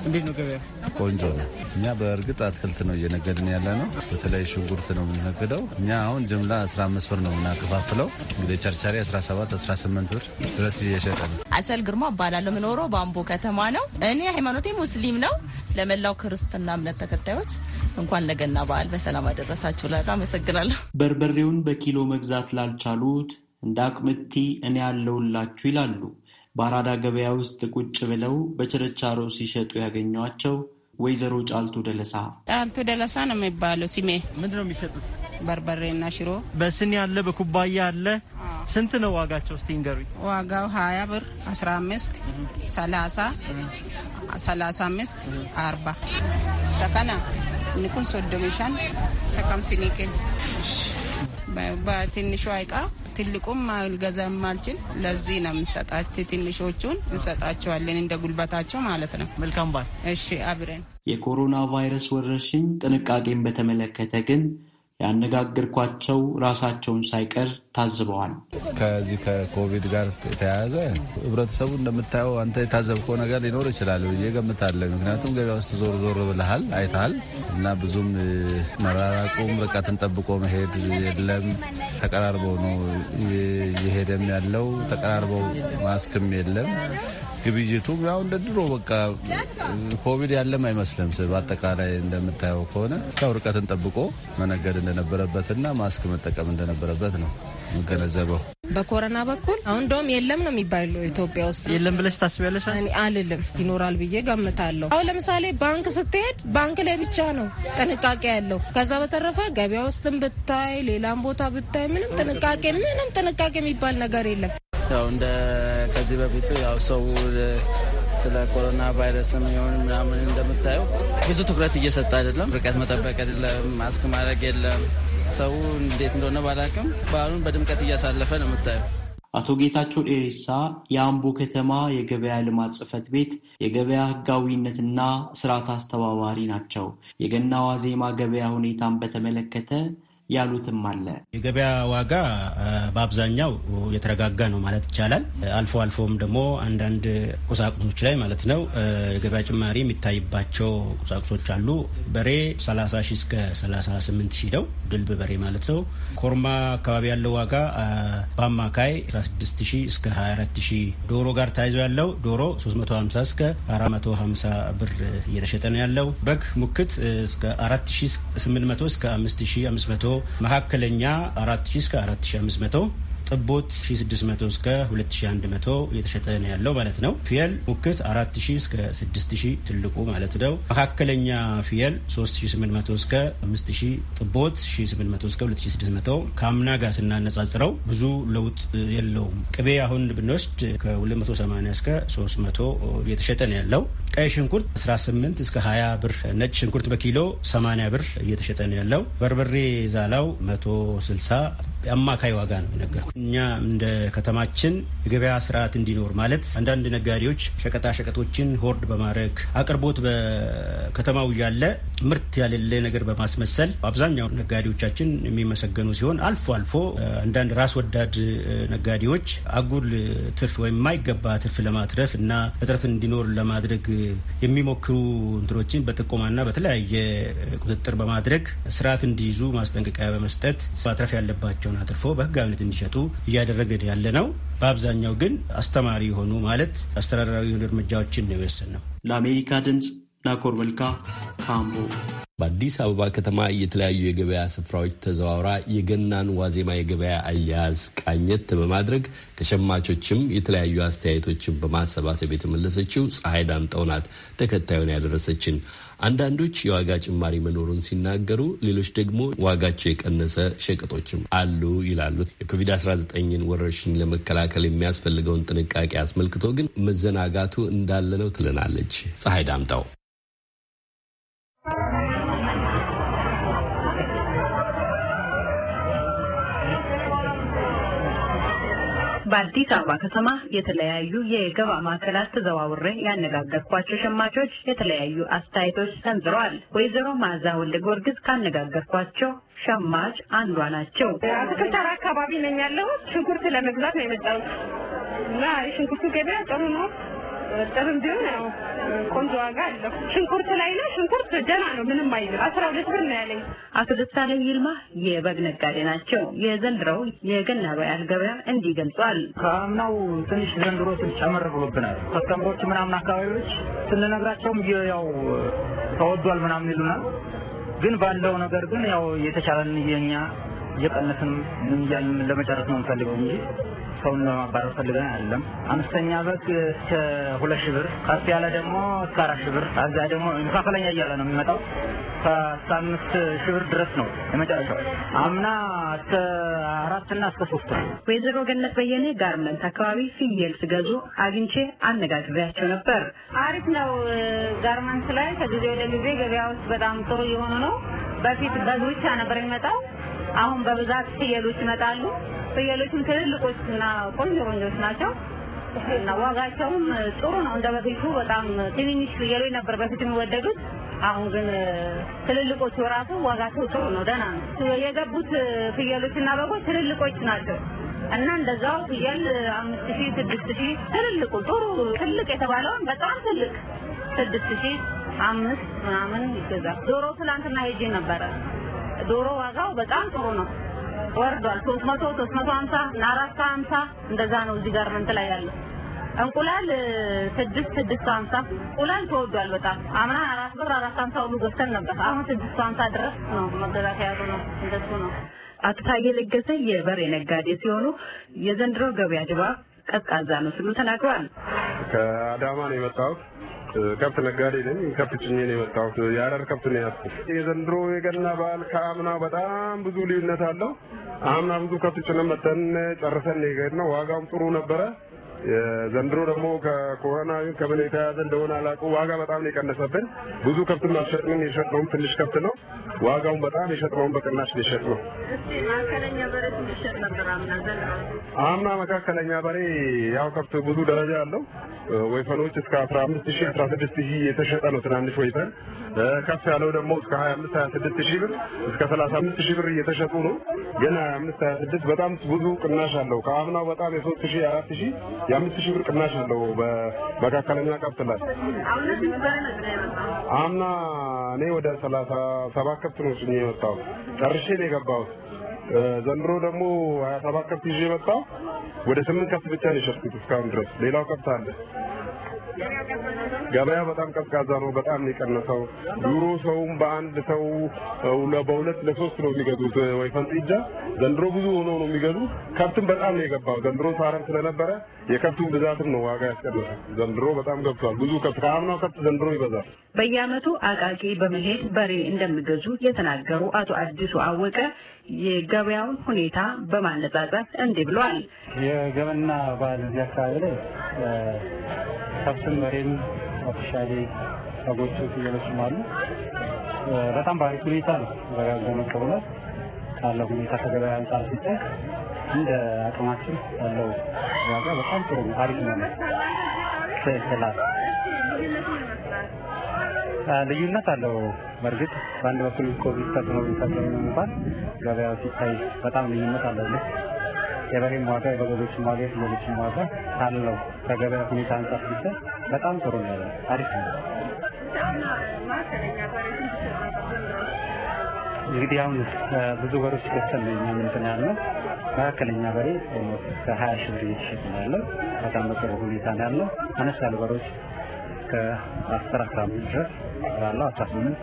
እንዴት ነው ገበያ? ቆንጆ ነው። እኛ በእርግጥ አትክልት ነው እየነገድን ያለ ነው። በተለይ ሽንኩርት ነው የምንነግደው። እኛ አሁን ጅምላ 15 ብር ነው የምናከፋፍለው። እንግዲህ ቸርቻሪ 17 18 ብር ድረስ እየሸጠ ነው። አሰል ግርማ እባላለሁ። የምኖረው በአምቦ ከተማ ነው። እኔ ሃይማኖቴ ሙስሊም ነው። ለመላው ክርስትና እምነት ተከታዮች እንኳን ለገና በዓል በሰላም አደረሳችሁ እላለሁ። አመሰግናለሁ። በርበሬውን በኪሎ መግዛት ላልቻሉት እንደ አቅምቲ እኔ ያለውላችሁ ይላሉ በአራዳ ገበያ ውስጥ ቁጭ ብለው በችርቻሮ ሲሸጡ ያገኟቸው ወይዘሮ ጫልቱ ደለሳ ጫልቱ ደለሳ ነው የሚባለው ሲሜ። ምንድን ነው የሚሸጡት? በርበሬና ሽሮ በስኒ አለ፣ በኩባያ አለ። ስንት ነው ዋጋቸው? እስቲ ንገሩኝ። ዋጋው ሀያ ብር፣ አስራ አምስት ሰላሳ ሰላሳ አምስት አርባ ሰከና ንኩን ሶዶሜሻን ሰከም ሲኒክል በትንሿ አይቃ ትልቁም አልገዛም አልችል። ለዚህ ነው የምሰጣቸው፣ ትንሾቹን እንሰጣቸዋለን እንደ ጉልበታቸው ማለት ነው። መልካም ባል። እሺ አብረን የኮሮና ቫይረስ ወረርሽኝ ጥንቃቄን በተመለከተ ግን ያነጋገርኳቸው ራሳቸውን ሳይቀር ታዝበዋል። ከዚህ ከኮቪድ ጋር የተያያዘ ህብረተሰቡ እንደምታየው አንተ የታዘብከው ነገር ሊኖር ይችላል ብዬ እገምታለሁ። ምክንያቱም ገበያ ውስጥ ዞር ዞር ብለሃል፣ አይተሃል እና ብዙም መራራቁም ርቀትን ጠብቆ መሄድ የለም። ተቀራርበው ነው እየሄደም ያለው ተቀራርበው ማስክም የለም ግብይቱ ያው እንደ ድሮ በቃ ኮቪድ ያለም አይመስልም። በአጠቃላይ እንደምታየው ከሆነ ያው ርቀትን ጠብቆ መነገድ እንደነበረበትና ማስክ መጠቀም እንደነበረበት ነው። የምገነዘበው በኮረና በኩል አሁን እንደውም የለም ነው የሚባለው ኢትዮጵያ ውስጥ የለም ብለሽ ታስቢያለሽ? አልልም ይኖራል ብዬ ገምታለሁ። አሁን ለምሳሌ ባንክ ስትሄድ ባንክ ላይ ብቻ ነው ጥንቃቄ ያለው። ከዛ በተረፈ ገበያ ውስጥም ብታይ፣ ሌላም ቦታ ብታይ ምንም ጥንቃቄ ምንም ጥንቃቄ የሚባል ነገር የለም። ያው እንደ ከዚህ በፊቱ ያው ሰው ስለ ኮሮና ቫይረስም የሆን ምናምን እንደምታየው ብዙ ትኩረት እየሰጠ አይደለም። ርቀት መጠበቅ አይደለም፣ ማስክ ማድረግ የለም ሰው እንዴት እንደሆነ ባላቅም በዓሉን በድምቀት እያሳለፈ ነው የምታየው። አቶ ጌታቸው ዴሬሳ የአምቦ ከተማ የገበያ ልማት ጽህፈት ቤት የገበያ ህጋዊነትና ስርዓት አስተባባሪ ናቸው። የገና ዋዜማ ገበያ ሁኔታን በተመለከተ ያሉትም አለ። የገበያ ዋጋ በአብዛኛው የተረጋጋ ነው ማለት ይቻላል። አልፎ አልፎም ደግሞ አንዳንድ ቁሳቁሶች ላይ ማለት ነው የገበያ ጭማሪ የሚታይባቸው ቁሳቁሶች አሉ። በሬ 30 እስከ 38 38ሺ ነው፣ ድልብ በሬ ማለት ነው። ኮርማ አካባቢ ያለው ዋጋ በአማካይ 16 ሺህ እስከ 24 ሺህ። ዶሮ ጋር ተያይዞ ያለው ዶሮ 350 እስከ 450 ብር እየተሸጠ ነው ያለው። በግ ሙክት እስከ 4800 እስከ 5500 መካከለኛ 4000 እስከ 4500 ጥቦት 1600 እስከ 2100 እየተሸጠ ነው ያለው ማለት ነው። ፍየል ሙክት 4000 እስከ 6000 ትልቁ ማለት ነው። መካከለኛ ፍየል 3800 እስከ 5000፣ ጥቦት 1800 እስከ 2600። ከአምና ጋር ስናነጻጽረው ብዙ ለውጥ የለውም። ቅቤ አሁን ብንወስድ ከ280 እስከ 300 እየተሸጠ ነው ያለው። ቀይ ሽንኩርት 18 እስከ 20 ብር፣ ነጭ ሽንኩርት በኪሎ 80 ብር እየተሸጠ ነው ያለው። በርበሬ ዛላው 160 አማካይ ዋጋ ነው የነገርኩት። እኛ እንደ ከተማችን የገበያ ስርዓት እንዲኖር ማለት አንዳንድ ነጋዴዎች ሸቀጣሸቀጦችን ሆርድ በማድረግ አቅርቦት በከተማው ያለ ምርት ያሌለ ነገር በማስመሰል አብዛኛው ነጋዴዎቻችን የሚመሰገኑ ሲሆን አልፎ አልፎ አንዳንድ ራስ ወዳድ ነጋዴዎች አጉል ትርፍ ወይም የማይገባ ትርፍ ለማትረፍ እና እጥረት እንዲኖር ለማድረግ የሚሞክሩ እንትኖችን በጥቆማና በተለያየ ቁጥጥር በማድረግ ስርዓት እንዲይዙ ማስጠንቀቂያ በመስጠት ማትረፍ ያለባቸው ራሳቸውን አትርፎ በህጋዊነት እንዲሸጡ እያደረገ ያለ ነው። በአብዛኛው ግን አስተማሪ የሆኑ ማለት አስተዳደራዊ የሆኑ እርምጃዎችን ነው የወሰን ነው። ለአሜሪካ ድምፅ ናኮር መልካ ካምቦ። በአዲስ አበባ ከተማ የተለያዩ የገበያ ስፍራዎች ተዘዋውራ የገናን ዋዜማ የገበያ አያያዝ ቃኘት በማድረግ ከሸማቾችም የተለያዩ አስተያየቶችን በማሰባሰብ የተመለሰችው ፀሐይ ዳምጠው ናት ተከታዩን ያደረሰችን። አንዳንዶች የዋጋ ጭማሪ መኖሩን ሲናገሩ፣ ሌሎች ደግሞ ዋጋቸው የቀነሰ ሸቀጦችም አሉ ይላሉ። የኮቪድ-19 ወረርሽኝ ለመከላከል የሚያስፈልገውን ጥንቃቄ አስመልክቶ ግን መዘናጋቱ እንዳለ ነው ትለናለች ፀሐይ ዳምጠው። በአዲስ አበባ ከተማ የተለያዩ የገባ ማዕከላት ተዘዋውሬ ያነጋገርኳቸው ሸማቾች የተለያዩ አስተያየቶች ሰንዝረዋል። ወይዘሮ ማዛ ወልደ ጊዮርጊስ ካነጋገርኳቸው ሸማች አንዷ ናቸው። አትክልት ተራ አካባቢ ነኝ ያለሁት። ሽንኩርት ለመግዛት ነው የመጣሁት እና የሽንኩርቱ ገበያ ጥሩ ነው። ጥርም ቢሆን ያው ቆንጆ ዋጋ አለው። ሽንኩርት ላይ ነው። ሽንኩርት ደህና ነው፣ ምንም አይልም። አስራ ሁለት ብር ነው ያለኝ። አቶ ደሳለኝ ይልማ የበግ ነጋዴ ናቸው። የዘንድሮው የገና በዓል ገበያ እንዲህ ገልጿል። ከአምናው ትንሽ ዘንድሮ ትንሽ ጨመር ብሎብናል። ከስተምሮች ምናምን አካባቢዎች ስንነግራቸውም ያው ተወዷል ምናምን ይሉናል። ግን ባለው ነገር ግን ያው የተቻለን የኛ እየቀነስን ምን እያልን ለመጨረስ ነው የምፈልገው እንጂ ሰውን ለማባረር ፈልገን አይደለም። አምስተኛ በግ እስከ ሁለት ሺህ ብር ከፍ ያለ ደግሞ እስከ አራት ሺህ ብር አዛ ደግሞ መካከለኛ እያለ ነው የሚመጣው ከአስራ አምስት ሺህ ብር ድረስ ነው የመጨረሻው። አምና እስከ አራትና እስከ ሶስት ነው። ወይዘሮ ገነት በየነ ጋርመንት አካባቢ ፍየል ስገዙ አግኝቼ አነጋግሬያቸው ነበር። አሪፍ ነው። ጋርመንት ላይ ከጊዜ ወደ ጊዜ ገበያ ውስጥ በጣም ጥሩ የሆኑ ነው። በፊት በግ ብቻ ነበር የሚመጣው አሁን በብዛት ፍየሎች ይመጣሉ። ፍየሎችም እና ቆንጆ ቆንጆች ናቸው እና ዋጋቸውም ጥሩ ነው። እንደ በፊቱ በጣም ትንንሽ ፍየሎች ነበር በፊት የሚወደዱት። አሁን ግን ትልልቆቹ ራሱ ዋጋቸው ጥሩ ነው፣ ደህና ነው። የገቡት ፍየሎችና በጎች ትልልቆች ናቸው እና እንደዛው ፍየል አምስት ሺህ ስድስት ሺህ ትልልቁ ጥሩ ትልቅ የተባለውን በጣም ትልቅ ስድስት ሺህ አምስት ምናምን ይገዛል። ዶሮ ትላንትና ሄጄ ነበረ ዶሮ ዋጋው በጣም ጥሩ ነው ወርዷል። 300 350 እና 450 እንደዛ ነው እዚህ ጋር እንትን ላይ ያለው። እንቁላል 6 650 እንቁላል ተወዷል በጣም አምና 4 ብር 450 ሁሉ ገዝተን ነበር። አሁን 650 ድረስ ነው መገዛት ያሉ ነው እንደሱ ነው። አቶ ታዬ ለገሰ የበሬ ነጋዴ ሲሆኑ የዘንድሮ ገበያ ድባብ ቀዝቃዛ ነው ሲሉ ተናግረዋል። ከአዳማ ነው የመጣሁት ከብት ነጋዴ ነኝ። ከብት ጭኜ ነው የመጣሁት። የአረር ከብት ነው ያዝኩት። የዘንድሮ የገና በዓል ከአምናው በጣም ብዙ ልዩነት አለው። አምና ብዙ ከብት ጭነን መተን ጨርሰን ነው። ዋጋውም ጥሩ ነበረ። ዘንድሮ ደግሞ ከኮሮና ከምን የተያዘ እንደሆነ አላውቅም። ዋጋ በጣም ነው የቀነሰብን። ብዙ ከብትም አልሸጥንም። የሸጥነውም ትንሽ ከብት ነው። ዋጋውን በጣም የሸጥነውን በቅናሽ ሊሸጥ ነው። አምና መካከለኛ በሬ ያው ከብት ብዙ ደረጃ አለው። ወይፈኖች እስከ 15 ሺህ 16 ሺህ የተሸጠ ነው ትናንሽ ወይፈን። ከፍ ያለው ደግሞ እስከ 25 ሺህ ብር እስከ 35 ሺህ ብር እየተሸጡ ነው። ግን 25 በጣም ብዙ ቅናሽ አለው። ከአምናው በጣም የ ሺህ ሺህ ሺህ ብር ቅናሽ አለው በመካከለኛ ከብት ላይ አምና እኔ ወደ 37 ከብት ነው የመጣው ጨርሼ ነው የገባሁት። ዘንድሮ ደግሞ ሀያ ሰባት ከብት ይዤ የመጣው ወደ ስምንት ከብት ብቻ ነው የሸጥኩት እስካሁን ድረስ። ሌላው ከብት አለ ገበያ በጣም ቀዝቃዛ ነው። በጣም ነው የቀነሰው። ሰውም በአንድ ሰው በሁለት ለሶስት ነው የሚገዙት ወይ ፈንጥጃ፣ ዘንድሮ ብዙ ሆኖ ነው የሚገዙት። ከብትም በጣም ነው የገባው ዘንድሮ። ሳረም ስለነበረ የከብቱን ብዛትም ነው ዋጋ ያስቀነሰው። ዘንድሮ በጣም ገብቷል ብዙ ከብት፣ ከአምናው ከብት ዘንድሮ ይበዛል። በየአመቱ አቃቂ በመሄድ በሬ እንደሚገዙ የተናገሩ አቶ አዲሱ አወቀ የገበያውን ሁኔታ በማነጻጸር እንዲህ ብሏል። የገበና ባህል እዚህ አካባቢ ላይ ከብትም በሬም ኦፊሻሊ ሰዎቹ ፍየሎችም አሉ። በጣም በአሪፍ ሁኔታ ነው ተዘጋጀነው ከሆነ ካለው ሁኔታ ከገበያ አንጻር ሲታይ እንደ አቅማችን ያለው ዋጋ በጣም ጥሩ ነው። አሪፍ ነው። ስላል ልዩነት አለው። በእርግጥ በአንድ በኩል ኮቪድ ተጽዕኖ ነው እንኳን ገበያው ሲታይ በጣም ልዩነት አለው። የበሬም ዋጋ የበጎችም ዋጋ የፍየሎችም ዋጋ ካለው ከገበያ ሁኔታ አንጻር ሲታይ በጣም ጥሩ ነው፣ አሪፍ ነው። እንግዲህ አሁን ብዙ በሮች ገዝተን ነው እንትን መካከለኛ በሬ ከሀያ ሺህ ብር እየተሸጠ ነው ያለው። በጣም በጥሩ ሁኔታ ነው ያለው። አነስ ያሉ በሮች ከአስር አስራ 15 ድረስ ባለው ስምንት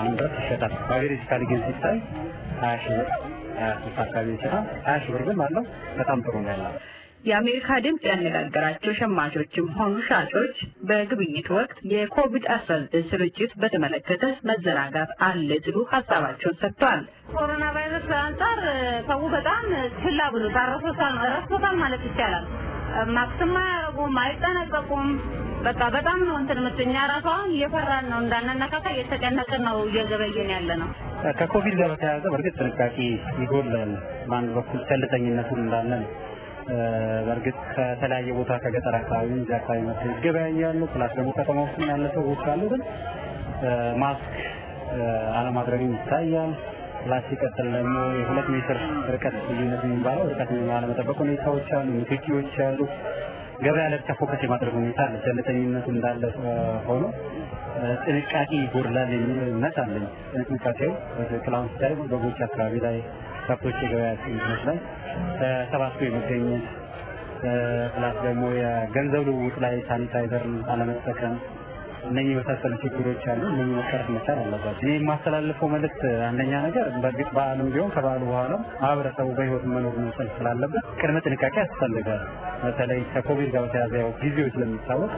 አሁን ድረስ ይሸጣል። አቬሬጅ ዲጂታል ግን ሲታይ ሀያ ሺህ ብር ሶስት ስራ ሀያ ሺህ ብር ግን አለው። በጣም ጥሩ ነው ያለው። የአሜሪካ ድምፅ ያነጋገራቸው ሸማቾችም ሆኑ ሻጮች በግብይት ወቅት የኮቪድ-19 ስርጭት በተመለከተ መዘናጋት አለ ሲሉ ሀሳባቸውን ሰጥቷል። ኮሮና ቫይረስ አንጻር ሰው በጣም ችላ ብሎ ረሶታል ማለት ይቻላል። ማክስም አያረጉም፣ አይጠነቀቁም። በቃ በጣም ነው እንትን ምትኛ ራሱ አሁን እየፈራን ነው እንዳናነካካ እየተጨነቅን ነው እየዘበየን ያለ ነው። ከኮቪድ ጋር በተያያዘ በእርግጥ ጥንቃቄ ይጎላል። በአንድ በኩል ቸልተኝነቱን እንዳለ ነው። በእርግጥ ከተለያየ ቦታ ከገጠር አካባቢ እዚ አካባቢ መ ይገበያያሉ። ፕላስ ደግሞ ከተማ ውስጥ ያለ ሰዎች አሉ። ግን ማስክ አለማድረግም ይታያል። ፕላስ ሲቀጥል ደግሞ የሁለት ሜትር ርቀት ልዩነት የሚባለው ርቀት አለመጠበቅ ሁኔታዎች አሉ፣ ንክኪዎች አሉ። ገበያ ብቻ ፎከስ የማድረግ ሁኔታ አለ። ቸልተኝነቱ እንዳለ ሆኖ ጥንቃቄ ይጎድላል የሚል እምነት አለኝ። ጥንቃቄው ክላውን ሲታይ በጎች አካባቢ ላይ ከብቶች የገበያ ቅኝቶች ላይ ተሰባስቦ የመገኘት ፕላስ ደግሞ የገንዘብ ልውውጥ ላይ ሳኒታይዘር አለመጠቀም እነኚህ የመሳሰሉ ችግሮች አሉ። እነኚህ መቀረፍ መቻል አለባቸው። ይህ የማስተላልፈው መልእክት አንደኛ ነገር በእርግጥ በዓሉም ቢሆን ከበዓሉ በኋላም ማህበረሰቡ በህይወት መኖር መውሰል ስላለበት ቅድመ ጥንቃቄ ያስፈልጋል። በተለይ ከኮቪድ ጋር በተያያዘ ያው ጊዜው ስለሚታወቅ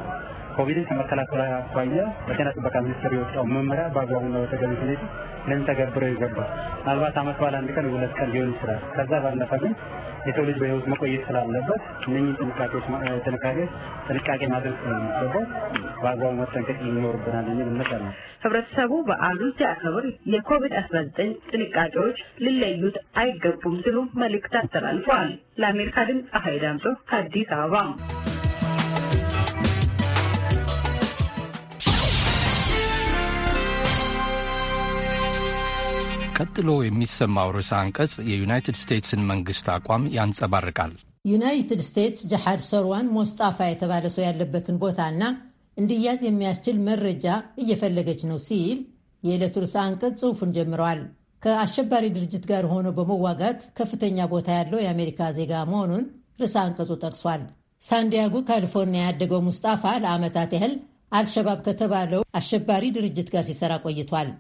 ኮቪድን ከመከላከል አኳያ በጤና ጥበቃ ሚኒስቴር የወጣው መመሪያ በአግባቡና በተገቢ ሁኔታ ልንተገብረው ይገባል። ምናልባት አመት በዓል አንድ ቀን ሁለት ቀን ሊሆን ይችላል። ከዛ ባለፈ ግን የሰው ልጅ በህይወት መቆየት ስላለበት እነኚህ ጥንቃቄዎች ጥንቃቄ ጥንቃቄ ማድረግ ስለሚገባው በአግባቡ መጠንቀቅ ይኖርብናል የሚል እምነት አለ። ህብረተሰቡ በዓሉን ሲያከብር የኮቪድ አስራ ዘጠኝ ጥንቃቄዎች ሊለዩት አይገቡም ሲሉ መልእክት አስተላልፈዋል። ለአሜሪካ ድምፅ ፀሐይ ዳምጦ ከአዲስ አበባ ቀጥሎ የሚሰማው ርዕሰ አንቀጽ የዩናይትድ ስቴትስን መንግስት አቋም ያንጸባርቃል። ዩናይትድ ስቴትስ ጀሓድ ሰርዋን ሞስጣፋ የተባለ ሰው ያለበትን ቦታና እንዲያዝ የሚያስችል መረጃ እየፈለገች ነው ሲል የዕለቱ ርዕሰ አንቀጽ ጽሑፉን ጀምረዋል። ከአሸባሪ ድርጅት ጋር ሆኖ በመዋጋት ከፍተኛ ቦታ ያለው የአሜሪካ ዜጋ መሆኑን ርዕሰ አንቀጹ ጠቅሷል። ሳንዲያጎ ካሊፎርኒያ ያደገው ሙስጣፋ ለዓመታት ያህል አልሸባብ ከተባለው አሸባሪ ድርጅት ጋር ሲሰራ ቆይቷል።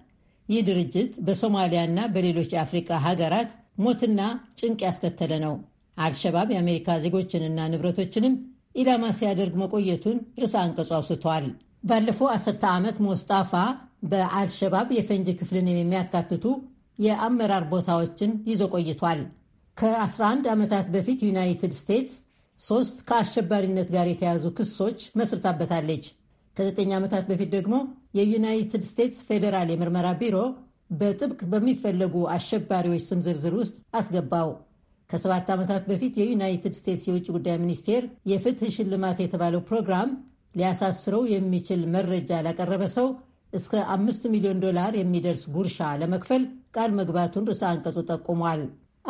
ይህ ድርጅት በሶማሊያና በሌሎች የአፍሪካ ሀገራት ሞትና ጭንቅ ያስከተለ ነው። አልሸባብ የአሜሪካ ዜጎችንና ንብረቶችንም ኢላማ ሲያደርግ መቆየቱን ርዕሰ አንቀጹ አውስቷል። ባለፈው አስርተ ዓመት ሞስጣፋ በአልሸባብ የፈንጂ ክፍልን የሚያካትቱ የአመራር ቦታዎችን ይዞ ቆይቷል። ከ11 ዓመታት በፊት ዩናይትድ ስቴትስ ሶስት ከአሸባሪነት ጋር የተያዙ ክሶች መስርታበታለች። ከ9 ዓመታት በፊት ደግሞ የዩናይትድ ስቴትስ ፌዴራል የምርመራ ቢሮ በጥብቅ በሚፈለጉ አሸባሪዎች ስም ዝርዝር ውስጥ አስገባው። ከሰባት ዓመታት በፊት የዩናይትድ ስቴትስ የውጭ ጉዳይ ሚኒስቴር የፍትህ ሽልማት የተባለው ፕሮግራም ሊያሳስረው የሚችል መረጃ ላቀረበ ሰው እስከ አምስት ሚሊዮን ዶላር የሚደርስ ጉርሻ ለመክፈል ቃል መግባቱን ርዕሰ አንቀጹ ጠቁሟል።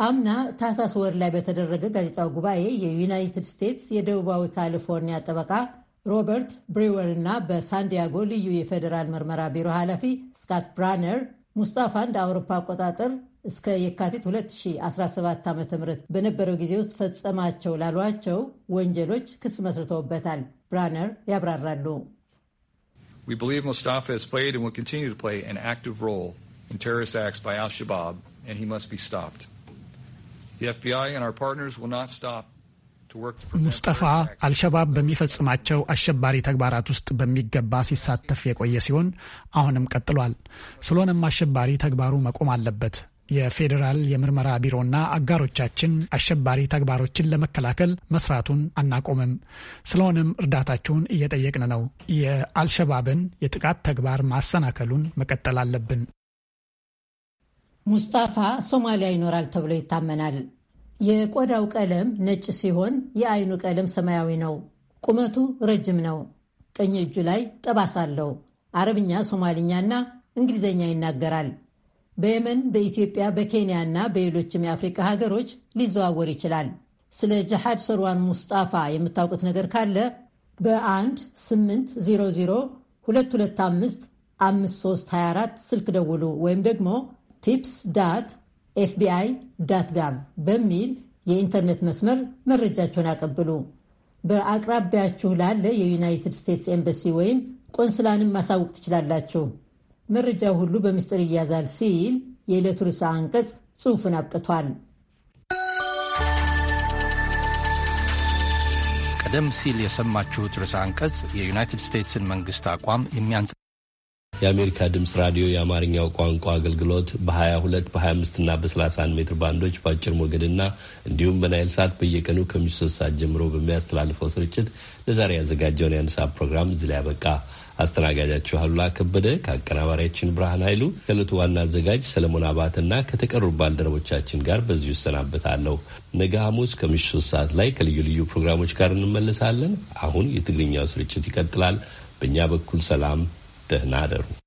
አምና ታህሳስ ወር ላይ በተደረገ ጋዜጣዊ ጉባኤ የዩናይትድ ስቴትስ የደቡባዊ ካሊፎርኒያ ጠበቃ ሮበርት ብሬወር እና በሳንዲያጎ ልዩ የፌዴራል ምርመራ ቢሮ ኃላፊ ስካት ብራነር ሙስጣፋ እንደ አውሮፓ አቆጣጠር እስከ የካቲት 2017 ዓ ም በነበረው ጊዜ ውስጥ ፈጸማቸው ላሏቸው ወንጀሎች ክስ መስርተውበታል። ብራነር ያብራራሉ። ሙስጠፋ አልሸባብ በሚፈጽማቸው አሸባሪ ተግባራት ውስጥ በሚገባ ሲሳተፍ የቆየ ሲሆን አሁንም ቀጥሏል። ስለሆነም አሸባሪ ተግባሩ መቆም አለበት። የፌዴራል የምርመራ ቢሮና አጋሮቻችን አሸባሪ ተግባሮችን ለመከላከል መስራቱን አናቆምም። ስለሆነም እርዳታችሁን እየጠየቅን ነው። የአልሸባብን የጥቃት ተግባር ማሰናከሉን መቀጠል አለብን። ሙስጣፋ ሶማሊያ ይኖራል ተብሎ ይታመናል። የቆዳው ቀለም ነጭ ሲሆን የአይኑ ቀለም ሰማያዊ ነው። ቁመቱ ረጅም ነው። ቀኝ እጁ ላይ ጠባሳ አለው። አረብኛ፣ ሶማልኛና እንግሊዝኛ ይናገራል። በየመን፣ በኢትዮጵያ፣ በኬንያ እና በሌሎችም የአፍሪካ ሀገሮች ሊዘዋወር ይችላል። ስለ ጀሃድ ሰርዋን ሙስጣፋ የምታውቁት ነገር ካለ በ1 800 225 5324 ስልክ ደውሉ ወይም ደግሞ ቲፕስ ዳት ኤፍቢአይ ዳት ጋም በሚል የኢንተርኔት መስመር መረጃቸውን አቀብሉ። በአቅራቢያችሁ ላለ የዩናይትድ ስቴትስ ኤምበሲ ወይም ቆንስላንም ማሳወቅ ትችላላችሁ። መረጃው ሁሉ በምስጢር ይያዛል ሲል የዕለቱ ርዕሰ አንቀጽ ጽሑፍን አብቅቷል። ቀደም ሲል የሰማችሁት ርዕሰ አንቀጽ የዩናይትድ ስቴትስን መንግስት አቋም የሚያንጽ የአሜሪካ ድምጽ ራዲዮ የአማርኛው ቋንቋ አገልግሎት በ22 በ25 እና በ31 ሜትር ባንዶች በአጭር ሞገድና እንዲሁም በናይል ሳት በየቀኑ ከምሽቱ ሶስት ሰዓት ጀምሮ በሚያስተላልፈው ስርጭት ለዛሬ ያዘጋጀውን የአንድ ሰዓት ፕሮግራም እዚህ ላይ ያበቃ። አስተናጋጃችሁ አሉላ ከበደ ከአቀናባሪያችን ብርሃን ኃይሉ ከእለቱ ዋና አዘጋጅ ሰለሞን አባትና ከተቀሩ ባልደረቦቻችን ጋር በዚሁ እሰናበታለሁ። ነገ ሐሙስ ከምሽቱ ሶስት ሰዓት ላይ ከልዩ ልዩ ፕሮግራሞች ጋር እንመለሳለን። አሁን የትግርኛው ስርጭት ይቀጥላል። በእኛ በኩል ሰላም ደህና አደሩ።